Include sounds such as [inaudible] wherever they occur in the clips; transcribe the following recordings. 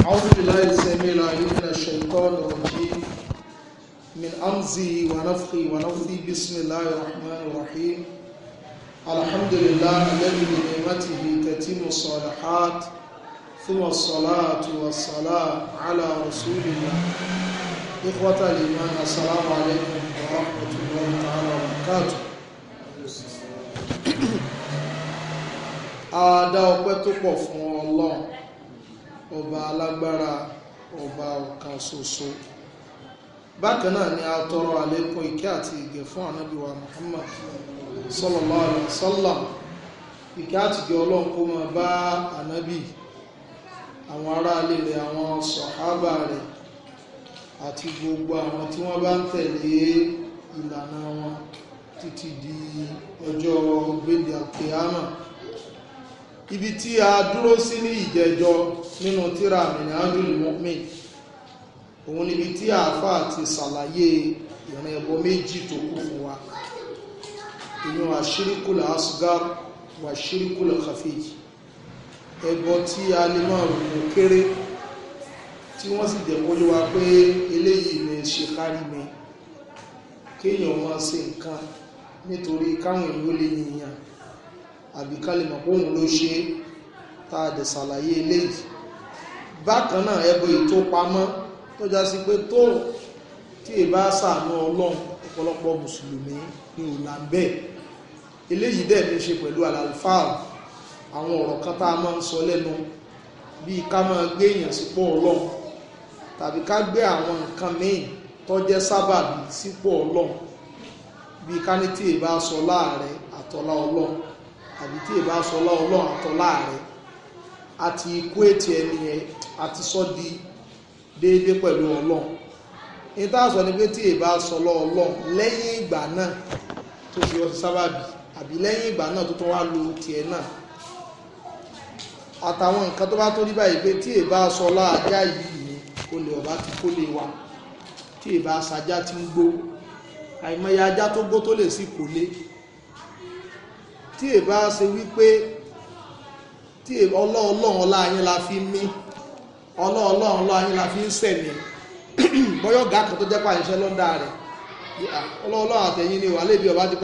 أعوذ بالله السميع العليم من الشيطان الرجيم من أمزه ونفخي ونفثه بسم الله الرحمن الرحيم الحمد لله الذي بنعمته تتم الصالحات ثم الصلاة والسلام على رسول الله إخوة الإيمان السلام عليكم ورحمة الله تعالى وبركاته a dá ọpẹ́ tó pọ̀ ọba alágbára ọba ọ̀kan ṣoṣo bákan náà ni a tọrọ àlékún fun àti ìgẹ̀ fún ànábì Muhammad sallallahu alaihi Ike ìkẹ́ àtìgẹ̀ ọlọ́run kó máa bá ànábì àwọn aráalé rẹ̀ àwọn sọ̀hábà rẹ̀ àti gbogbo àwọn tí wọ́n bá ń tẹ̀lé ìlànà wọn títí di ọjọ́ gbélé àkèámà ibi tí a dúró sí ní ìjẹjọ nínú tíra minhajul mu'min òun níbi tí àáfàá ti ṣàlàyé ìrìn ẹbọ méjì tó kú fún wa inú àṣírìkul asgar wà ṣírìkul khafij ẹbọ tí a lè máa rò ó kéré tí wọ́n sì jẹ́ kó wa pé eléyìí ni ṣe kárí mi kéèyàn máa ṣe nǹkan nítorí káwọn èèyàn ó lè yìnyàn àbí ká lè mọ̀ pé òun ló ṣe tá a dẹ̀ ṣàlàyé eléyìí bákan náà ẹbọ ètò pamọ́ tó já sí pé tó tí èbá ṣàánú ọlọ́run ọ̀pọ̀lọpọ̀ mùsùlùmí ní òlàǹbẹ̀ eléyìí dẹ̀ ní ṣe pẹ̀lú àlàáfáà àwọn ọ̀rọ̀ kan tá a máa ń sọ lẹ́nu bíi ká máa gbé èèyàn sípò ọlọ́run tàbí ká gbé àwọn nǹkan míì tó jẹ́ sábàbí sípò ọlọ́run bíi ká ní tí èbá sọ láàrẹ àtọ́lá ọlọ́run àbí tí ìbá sọ ọlọ́run àtọ́ láàrin àti ikú ètì ẹni yẹn àti sọ di déédéé pẹ̀lú ọlọ́run ní a sọ ni pé tí ìbá sọ ọlọ́run lẹ́yìn ìgbà náà tó fi ọsẹ sábàbí àbí lẹ́yìn ìgbà náà tó tún wá lo tiẹ̀ náà àtàwọn nǹkan tó bá tó rí báyìí pé tí ìbá sọ láàjá yìí ni olè ọba ti kó lè wa tí ìbá sajá ti ń gbó àìmọye ajá tó gbó tó lè sí kò lé tí ẹ bá ṣe wípé tí ọlọ́ọ̀lọ́ọ̀ ọlá yín la fi mí ọlọ́ọ̀lọ́ọ̀ ọlá yín la fi ń sẹ̀mí bọ́yọ̀ [clears throat] ọ̀gá kan tó jẹ́ pàṣẹ lọ́dà rẹ̀ àtẹ̀yìn ni wà lébi ọba ti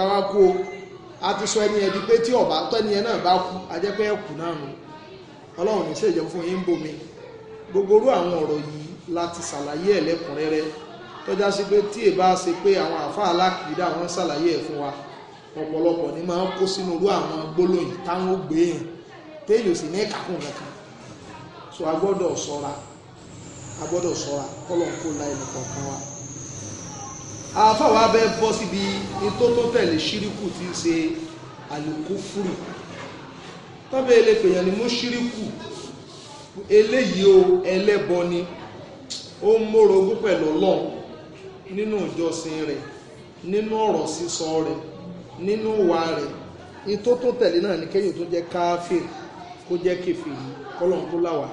a ti sọ ẹni ẹni pé tí ọba tẹ́ni ẹ bá kú a jẹ́ pé náà fún yín bomi gbogbo orú àwọn ọ̀rọ̀ yìí láti ṣàlàyé ẹ̀ lẹ́kùnrẹ́rẹ́ tọ́já sí pé tí ṣe pé àwọn àfáà alákìídá wọn ṣàlàyé ẹ̀ fún wa ọ̀pọ̀lọpọ̀ ni máa ń kó sínú irú àwọn gbólóyìn táwọn ó gbé yàn téèyàn sì ní ìkàkùn kankan so a gbọ́dọ̀ ṣọ́ra a gbọ́dọ̀ ṣọ́ra kọ́lọ̀ ń kó la ẹnì kọ̀ọ̀kan wa. àfàwọn abẹ bọ́ síbi ìtótó tẹ̀lé ṣíríkù tí ń ṣe àlùkùfùrù tọ́bẹ̀ elépèyàn ni mùṣíríkù eléyìí o ẹlẹ́bọ ni ó ń mórogún pẹ̀lú ọlọ́run nínú ìjọsìn rẹ̀ nínú ọ̀rọ̀ sísọ rẹ̀ nínú ìwà rẹ̀ ìtó tó tẹ̀lé náà ni kéyìn tó jẹ́ káfíìn kó jẹ́ kẹfìrí kọ́lọ́n tó láwà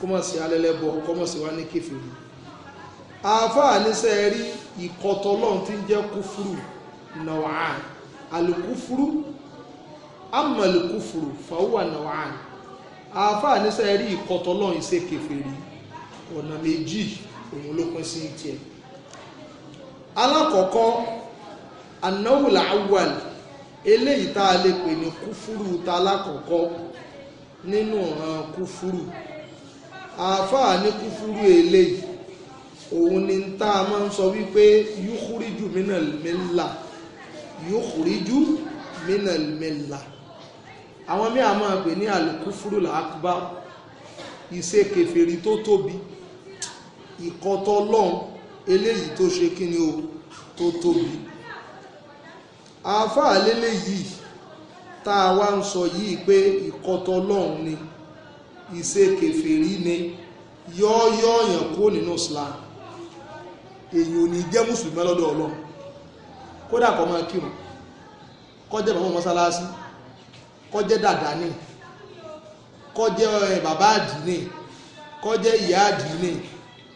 kó mọ̀ sí alẹ́lẹ́bọ kó mọ̀ sí wá ní kẹfìrí. àáfàá níṣẹ́ rí ìkọ̀tọ̀ ọlọ́run tí ń jẹ́ kúfúrú nàwà àlùkúfúrú amàlùkúfúrú fàwọ́ nàwà àáfàá níṣẹ́ rí ìkọ̀tọ̀ ọlọ́run ìṣe kẹfìrí ọ̀nà méjì òun ló pín sí tiẹ̀. alákọ̀ọ́kọ́ anáwùlà awal eléyìí tá a lè pè ní kúfúrú ta lákọ̀ọ́kọ́ nínú ọ̀ràn kúfúrú àáfàá ní kúfúrú eléyìí òun ni tá a máa ń sọ wípé yúkúríjù mínàl mẹ́là yúkúríjù mínàl mẹ́là àwọn míì a máa pè ní àlùkúfúrú làákúbá ìṣe kèfèrí tó tóbi ìkọtọ́ lọ́hùn eléyìí tó ṣe kí ni o tó tóbi àáfàá lélẹ̀ yìí tá a wá ń sọ yìí pé ìkọtọ lọ́hùn ni ìṣe kèfèrí ni yọ́ọ́yọ́ yàn kúrò nínú Islam èyí ò ní jẹ́ mùsùlùmí lọ́dọ̀ Ọlọ́run kódà kọ́ máa kírun kọ́jẹ́ bàbá mọ́sálásí kọ́jẹ́ dàdá ni kọ́jẹ́ eh, bàbá àdínì kọ́jẹ́ ìyá àdínì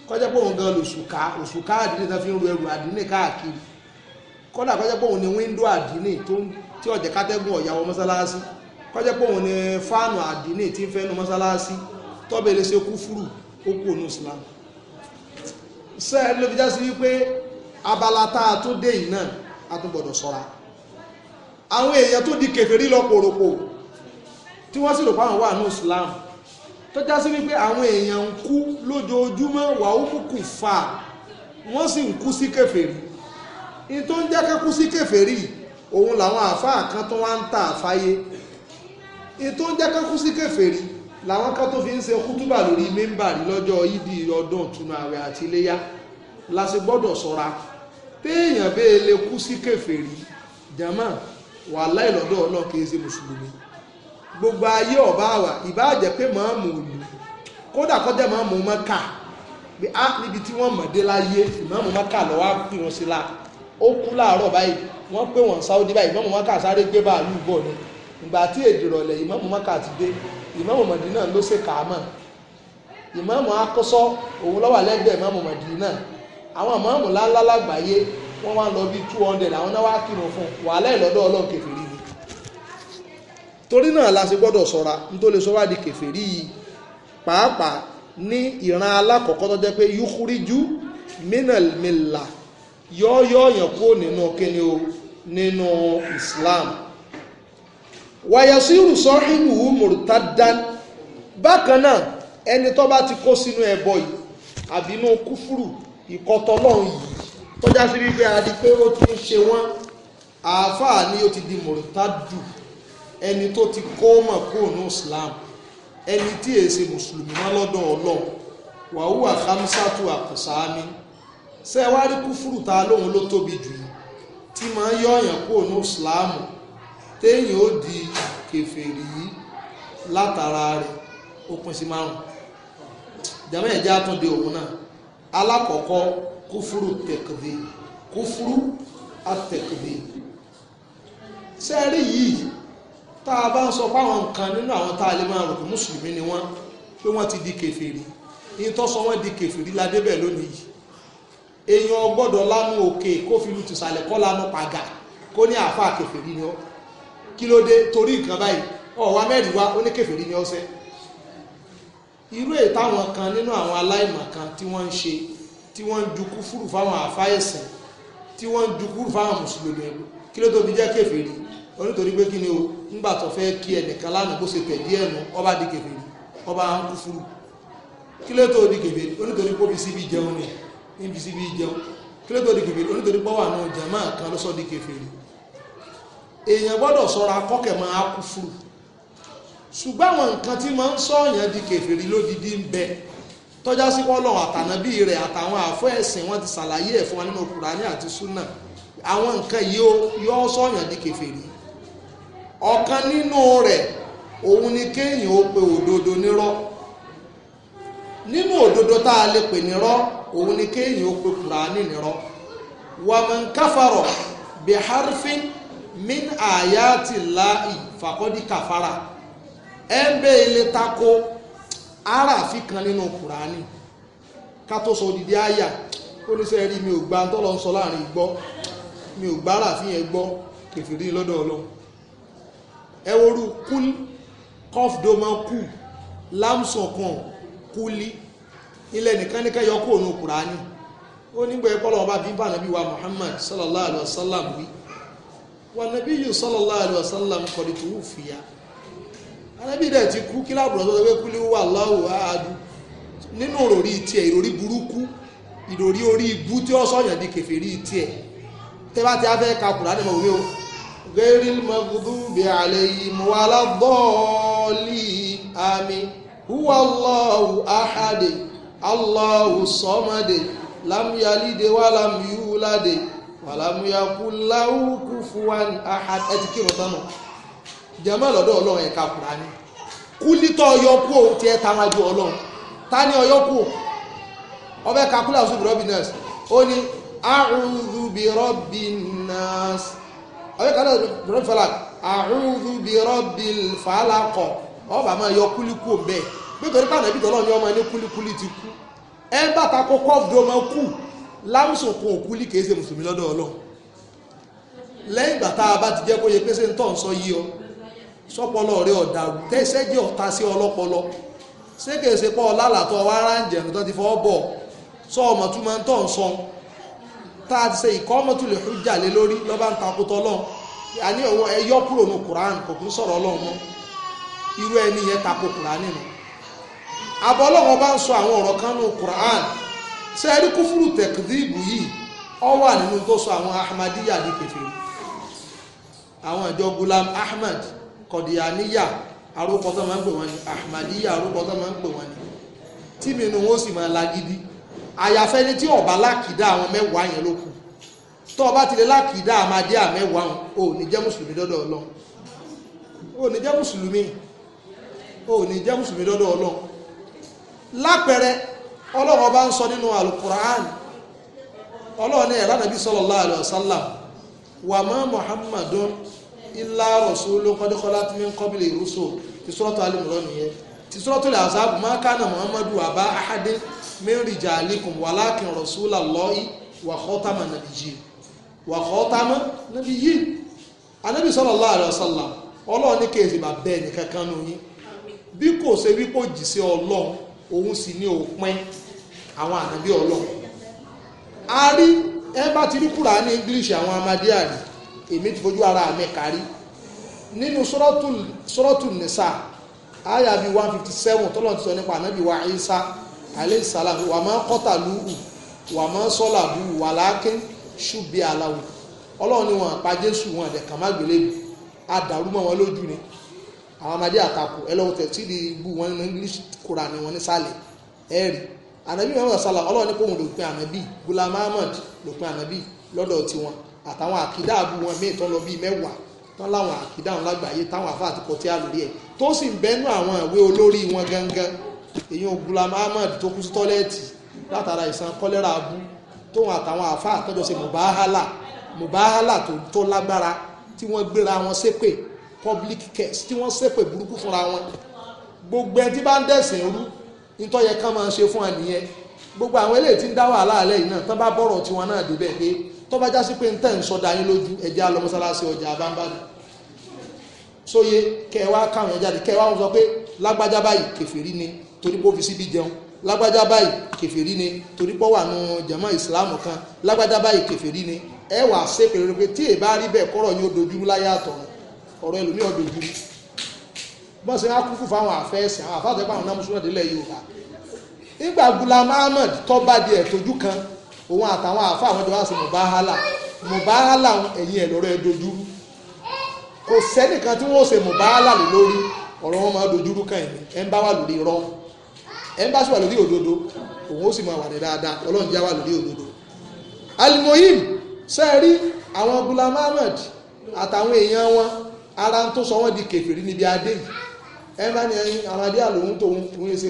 kọ́jẹ́ pé òun gan lòṣùká òṣùká àdínì tó fi ń ru ẹrù àdínì káàkiri kọ́dà kọ́jẹ́ pé òun ni wíńdò àdínì tí ọ̀jẹ̀ kátẹ́gùn ọ̀yàwó mọ́sálásí kọ́jẹ́ pé òun ni fáànù àdínì tí ń fẹ́nu mọ́sálásí tọ́bẹ̀lẹ̀ ṣe kú fúrù ó kú ònú Islam sẹ́ẹ̀ ló fi já sí wípé abala tá a tún dé yìí náà a tún gbọ́dọ̀ sọ́ra àwọn èèyàn tó di kèfèrí lọ pòròpò tí wọ́n sì rò páwọn wà ní Islam tó já sí wípé àwọn èèyàn ń kú lójoojúmọ́ wàhùn kùkù fà wọ́n sì ń kú sí kèfèrí in tó ń jẹ́ kékú sí kèfèrí òun làwọn kan tó wá ń tà fáyé in tó ń jẹ́ kékú sí kèfèrí làwọn kan tó fi ń ṣe kútúbà lórí mẹ́mbàrí lọ́jọ́ ìdí ọdún ìtúnu ààwẹ̀ àti iléyá la sì gbọ́dọ̀ téèyàn bẹ́ẹ̀ lè kú sí jama wàláhì lọ́dọ̀ ọlọ́ kìí ṣe mùsùlùmí gbogbo ayé ọba àwà ìbáàjẹ́ pé màámù òlù kódà kọjá màámù mọ́kà pé á ah, níbi tí wọ́n mọ̀ dé láyé ó kú láàárọ̀ báyìí wọ́n pè wọ́n Saudi báyìí Ìmáàmù maka sáré gbé báàlú bọ̀ ni ìgbà tí èdè rọ̀lẹ̀ Ìmáàmù maka ti dé Ìmáàmù Mádínà ló ṣe kàámà Ìmáàmù akọ́sọ́ òun lẹ́gbẹ̀ẹ́ Ìmáàmù Mádínà àwọn ìmáàmù lágbàáyé wọ́n wá ni torí la ṣe gbọ́dọ̀ sọ wá di yìí pàápàá ní ìran alákọ̀ọ́kọ́ tó jẹ́ pé yọ́ọ́yọ́ èèyàn kúrò nínú kíni o nínú Islam wàyàsírù sọ́hìnù mùrùtádán bákan náà ẹni tó bá ti kó sínú ẹbọ yìí àbí inú kúfúrù ìkọtọlọ́hún yìí tọ́já sí wípé adi pé ó ti ń ṣe wọ́n àáfàá ni ó ti di mùrùtádù ẹni tó ti kó mọ̀ kúrò ní Islam ẹni tí èsì mùsùlùmí mọ́ lọ́dọ̀ Ọlọ́run wàhùwà kámsátù àkùsáámi ṣe wá rí kúfúrú ta lóhun ló tóbi jù yìí tí máa ń yọ ọ̀yàn kúrò ní ìsìláàmù téèyàn ó di kèfèrí yìí látara rẹ̀ ó pín sí márùn jàmẹ́ ẹ̀já tún de òun náà alákọ̀ọ́kọ́ kúfúrú tẹ̀kìdì kúfúrú àtẹ̀kìdì sẹ́ẹ̀rí yìí tá a bá ń sọ fáwọn nǹkan nínú àwọn tá a lè máa rò pé mùsùlùmí ni wọ́n pé wọ́n ti di kèfèrí yìí tó sọ wọ́n di kèfèrí ládébẹ̀ lónìí yìí èèyàn gbọ́dọ̀ lánú òkè kó fi lu tùsàlẹ̀ kọ́ lánú pàgà kó ní àáfà kèfèrí ni ọ́ kí ló dé torí nǹkan báyìí ọ̀wá mẹ́rin wá ó ní kèfèrí ni ọ́ sẹ́ irú èyí táwọn kan nínú àwọn aláìmọ̀ kan tí wọ́n ń ṣe tí wọ́n ń ju kúfúrú fáwọn àáfà ẹ̀sìn tí wọ́n ń ju kúfúrú fáwọn mùsùlùmí kí ló tóbi jẹ́ kèfèrí onítorí pé kí ni o ńgbà tó fẹ́ kí ẹnìkan lánàá bó ṣe tẹ̀lé ẹ̀nu ọba di kèfèrí ọba ń kúfúrú kí ló tó di kèfèrí onítorí pé fi síbi jẹun nìyẹn níbi síbi ìjẹun kí ló tó di kèfèrè onítorí pọ́wà náà jàmá kan ló sọ di kèfèrè èèyàn gbọ́dọ̀ sọ́ra kọ́kẹ̀ máa kú fúrù ṣùgbọ́n àwọn nǹkan tí máa ń sọ̀yàn di kèfèrè lódìdí ń bẹ tọ́já sí pọ́lọ̀ àtànábí rẹ̀ àtàwọn àfọ́ ẹ̀sìn wọn ti ṣàlàyé ẹ̀ fún wa nínú kùránì àti súnà àwọn nǹkan yìí yọ sọ̀yàn di kèfèrè ọ̀kan nínú rẹ̀ òun ni kéèyàn ó pe òdodo nírọ́ nínú òdodo tá a lè pè nírọ́ òun ni kéèyàn ó pe kùránì nírọ́ wàmọ̀n káfàrọ̀ bí harfin min àyàtì láì fàkọ́dí kàfàrà ẹ̀ ń bẹ́ ilé tako aráàfin kan nínú kùránì ká tó sọ odidi àyà ó ní sẹ́ẹ̀rí mi ò gba tọ́lọ́ ń sọ láàrin gbọ́ mi ò gbá aráàfin yẹn gbọ́ kẹfìrí lọ́dọ̀ ọlọ́run ẹ worú kúl kọ́fdọ́mọ lámsọ̀kan kúlí ilẹ̀ nìkan ní kẹyọ kó ònú kùránì ó nígbà ẹ̀kọ́lọ̀ ọba bíbá nàbí wa Muhammad sallallahu alayhi wa sallam wí wa nàbí yìí sallallahu alayhi wa sallam kọ̀dí tó wù fìyà anábì dẹ̀ ti kú kí láàbùrọ̀ tó tẹ́wé kúlé wà láwùú àádú nínú òròrí tiẹ̀ ìròrí burúkú ìròrí orí ibú tí ó sọ̀yàn di kèfèrí tiẹ̀ tẹ́ bá ti á fẹ́ ka kùránì mọ̀ wí o ghayril maghdubi alayhim wala ddallin àmín huwa Allahu ahad Allahu sọ́mọdé lámúyálídé wà lámúyúládé wà lámúyákúláwù kúfúwán ahad ẹ ti kírun tán nù jẹ́mọ́ lọ́dọ̀ ọlọ́run ẹ̀ka Kùránì kúlítọ̀ ọyọ́kú ò tiẹ̀ tàwájú ọlọ́run ta ni ọyọ́kú ọbẹ̀ kakúlà ọ̀sùn bìrọ̀bì nọ́ọ̀sì ó ní àrùndù bìrọ̀bì nọ́ọ̀sì ọbẹ̀ kakúlà ọ̀sùn bìrọ̀bì falak àrùndù bìrọ̀bì falakọ̀ ọba máa yọ kúlíkù bẹ́ẹ̀ nítorí pàdé bí tọ́lọ́ ni ọmọ ẹni kúlíkúlí ti kú ẹ bá ta kókó ọ̀dù ọmọ kú lámùsùn kò kúlí kìí ṣe mùsùlùmí lọ́dọ̀ ọlọ́run lẹ́yìn ìgbà tá a bá ti jẹ́ kó yẹ pé ṣe ń tọ̀ ń sọ yí ọ sọpọlọ rẹ ọ̀dàrú tẹ́sẹ́ jẹ́ ọ̀tá sí ọlọ́pọlọ ṣé kìí ṣe pọ́ ọlálàtọ̀ wa ránjẹ̀ tó ti fọ́ bọ̀ sọ ọmọ tó máa ń tọ̀ ń sọ tá a ti ṣe ìkọ́ ọmọ tó lè fún jàlé lórí lọ́ba ń takò tọ́lọ́run àní ọwọ́ ẹ yọ kúrò ní kùránì kò kún sọ̀rọ̀ ọlọ́run mọ́ irú ẹni yẹn takò kùránì nù àbọ̀ ọlọ́run bá ń sọ àwọn ọ̀rọ̀ kan ní Quran ṣe rí kúfúrú tẹ̀kídìbù yìí ọ wà nínú tó sọ àwọn ahmadiyya ní kèfèrí àwọn ìjọ gulam ahmed kọ̀díyàníyà arúkọ tó máa ń pè wọ́n ni ahmadiyya arúkọ tó máa ń pè wọ́n ni tí mi wọn ó sì máa lagidi àyàfẹ́ ni tí ọba lákìdá àwọn mẹ́wàá yẹn ló kù tó ọba ti lè lákìdá ahmadiyya mẹ́wàá ò ní jẹ́ mùsùlùmí dọ́dọ̀ ọlọ́run ò ní jẹ́ mùsùlùmí ò ní jẹ́ mùsùlùmí dọ́dọ̀ ọlọ́run lápẹẹrẹ ọlọ́run bá ń sọ nínú alukur'an ọlọ́run ẹ̀rọ nàbí sallallahu alaihi wasallam wa ma muhammadun illa rasulun qad khalat min qablihi rusul ti suratu al-imran nìyẹn ti suratu al-ahzab ma kana muhammadu aba ahadin min rijalikum walakin rasulallahi wa khatama nabiyyin wa khatama nabiyyin anabi sallallahu alaihi wasallam ọlọ́run ní kéèsì bàbá ẹnì kankan nù bí kò ṣe wípé òjì sí ọlọ́run òun sì ni òpin àwọn ànábí ọlọ́run a rí ẹ bá ti rí kúrà ní english àwọn amadíà rí èmi ti fojú ara mi kárí nínú sọ́rọ́tù nìsà àyà bíi one fifty seven tọ́lọ́ ti sọ nípa ànábì wa Isa alayhi salam wà máa kọ́tà lùhù wà máa sọ́là lùhù wà láàkín ṣùgbẹ́ aláwọ̀ ọlọ́run ni wọn àpá jésù wọn àdẹ̀kàn má gbélébù àdàrú mọ́ wọn lójú ni àwọn amadé àtakò ẹ lọ́wọ́ tẹ̀sí di ibu wọn ní english kura ni wọn ní sálẹ̀ ẹ rí ànábì muhammed sallá ọlọ́run ní kóhun lòpin anabi gula ahmed lòpin anabi lọ́dọ̀ tiwọn àtàwọn àkídá àbú wọn míì tán lọ bíi mẹ́wàá tán láwọn àkídá wọn lágbàáyé táwọn àfa àti kọtí àlórí ẹ tó sì ń bẹnu àwọn ìwé olórí wọn gangan èyàn gulam ahmed tó kú sí tọ́lẹ́ẹ̀tì látara ìsan kọ́lẹ́rà abú tóun àtàwọn àfa àtọ́jọ́ mubahala mubahala tó lágbára tí wọ́n gbéra wọn ṣépè public curse tí wọ́n ṣépè burúkú fúnra wọn gbogbo ẹni tí bá ń dẹ̀sìn rú nítọ́ yẹ ká máa ṣe fún wa nìyẹn gbogbo àwọn eléyìí tí ń dá wàhálà alẹ́ yìí náà tán bá bọ̀rọ̀ tiwọn náà débẹ̀ pé tó bá já sí pé ń tẹ̀ ń sọdá yín lójú ẹ̀jẹ̀ á lọ mọ́sálásí ọjà àbámbádùn sóye kẹwàá káwọn ẹja dé kẹwàá wọn sọ pé lágbájá báyìí kèfèrí ni torí pé ó fi síbi jẹun lágbájá báyìí kèfèrí ni torí pé ó wà nù jàmá ìsìláàmù kan lágbájá báyìí kèfèrí ni ẹ wàá ṣépè rẹ pé tí èèbá rí bẹ́ẹ̀ kọ́rọ̀ yín dojú láyé àtọ̀run ọ̀rọ̀ ẹlòmí ọ̀dọ̀ burú bọ́n ṣe wá kúkú fáwọn àfẹ́ẹ̀sì àwọn àfáàtẹ́ pàwọn náà Yorùbá nígbà Gulam Ahmed tọ́ba di ẹ̀tọ́jú kan òun àtàwọn àfa àwọn jọ wá sí mubahala mubahala ẹ̀yìn ẹ̀ lọ́rọ̀ ẹ̀ dojúrú kò sẹ́nìkan tí wọ́n ṣe mubahala lè lórí ọ̀rọ̀ wọn máa dojúrú kan ẹ̀mí ẹ̀ ń bá wà lórí irọ́ ẹ̀ ń bá sì wà lórí òdodo òun ó sì máa wà ní dáadáa ọlọ́run já wà lórí òdodo. alimoyim sẹ́ẹ̀rí àwọn Gulam Ahmed àtàwọn èèyàn wọn ara tó sọ wọ́n di kèfèrí níbi adé yìí ẹ bá ní ẹyin amadé àlòun tó ń fún ẹsẹ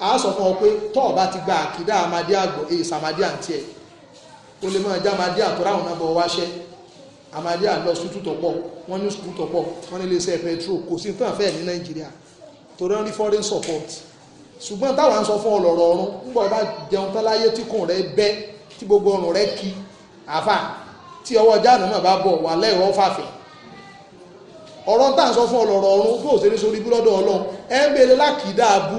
a sọ fún ọ pé tọ́ ọba ti gba àkídá amadé àgbọ̀ èyí sàmadé àǹtí ẹ̀ o lè máa já amadé àtọ́ ráhùn náà bọ̀ wáṣẹ́ amadé àlọ́ sùtù tọ̀pọ̀ wọ́n ní sùkú tọ̀pọ̀ wọ́n ní iléeṣẹ́ petro kò sí nǹkan fẹ́ẹ̀ ní nàìjíríà torí wọ́n rí foreign support ṣùgbọ́n táwa ń sọ fún ọlọ́rọ̀ ọ̀run nígbà ọba jẹun tán láyé tí kùn rẹ bẹ́ tí gbogbo ọrùn rẹ ki àfà tí ọwọ́ jáàánú mọ̀ bá bọ̀ wà lẹ́yìn ọ̀fàfẹ́ ọ̀rọ̀ tá à ń sọ fún ọlọ́rọ̀ ọ̀run fún òṣèré sórí ibú lọ́dọ̀ ọlọ́run ẹ ń gbélé lákìdá abú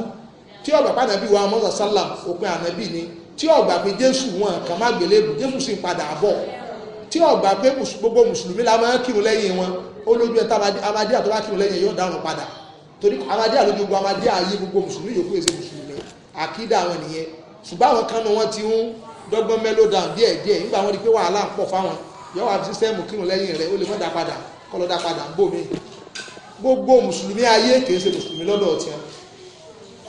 tí ọ̀gbà pàdánù wa mọ́sà sálà òpin ànábì ni tí ọ̀gbà pé jésù wọn kàn má gbélé bù jésù sì ń padà bọ̀ tí ọ̀gbà pé gbogbo mùsùlùmí la máa ń kírun lẹ́yìn wọn ó lójú ẹ̀ tá amadíà tó bá kírun lẹ́yìn yóò dárun padà torí amadíà lójú gbogbo amadíà ayé gbogbo mùsùlùmí yòókù èsè mùsùlùmí àkídà wọn nìyẹn ṣùgbọ́n àwọn kan ní wọ́n ti ń dọ́gbọ́n mélòó down díẹ̀díẹ̀ nígbà wọn di pé wàhálà ń pọ̀ fáwọn yọ wà sísẹ́ẹ̀mù kírun lẹ́yìn rẹ̀ ó lè mọ́ dá padà kọlọ́dá padà ń bò mí gbogbo mùsùlùmí ayé kìí ṣe mùsùlùmí lọ́dọ̀ tiẹ̀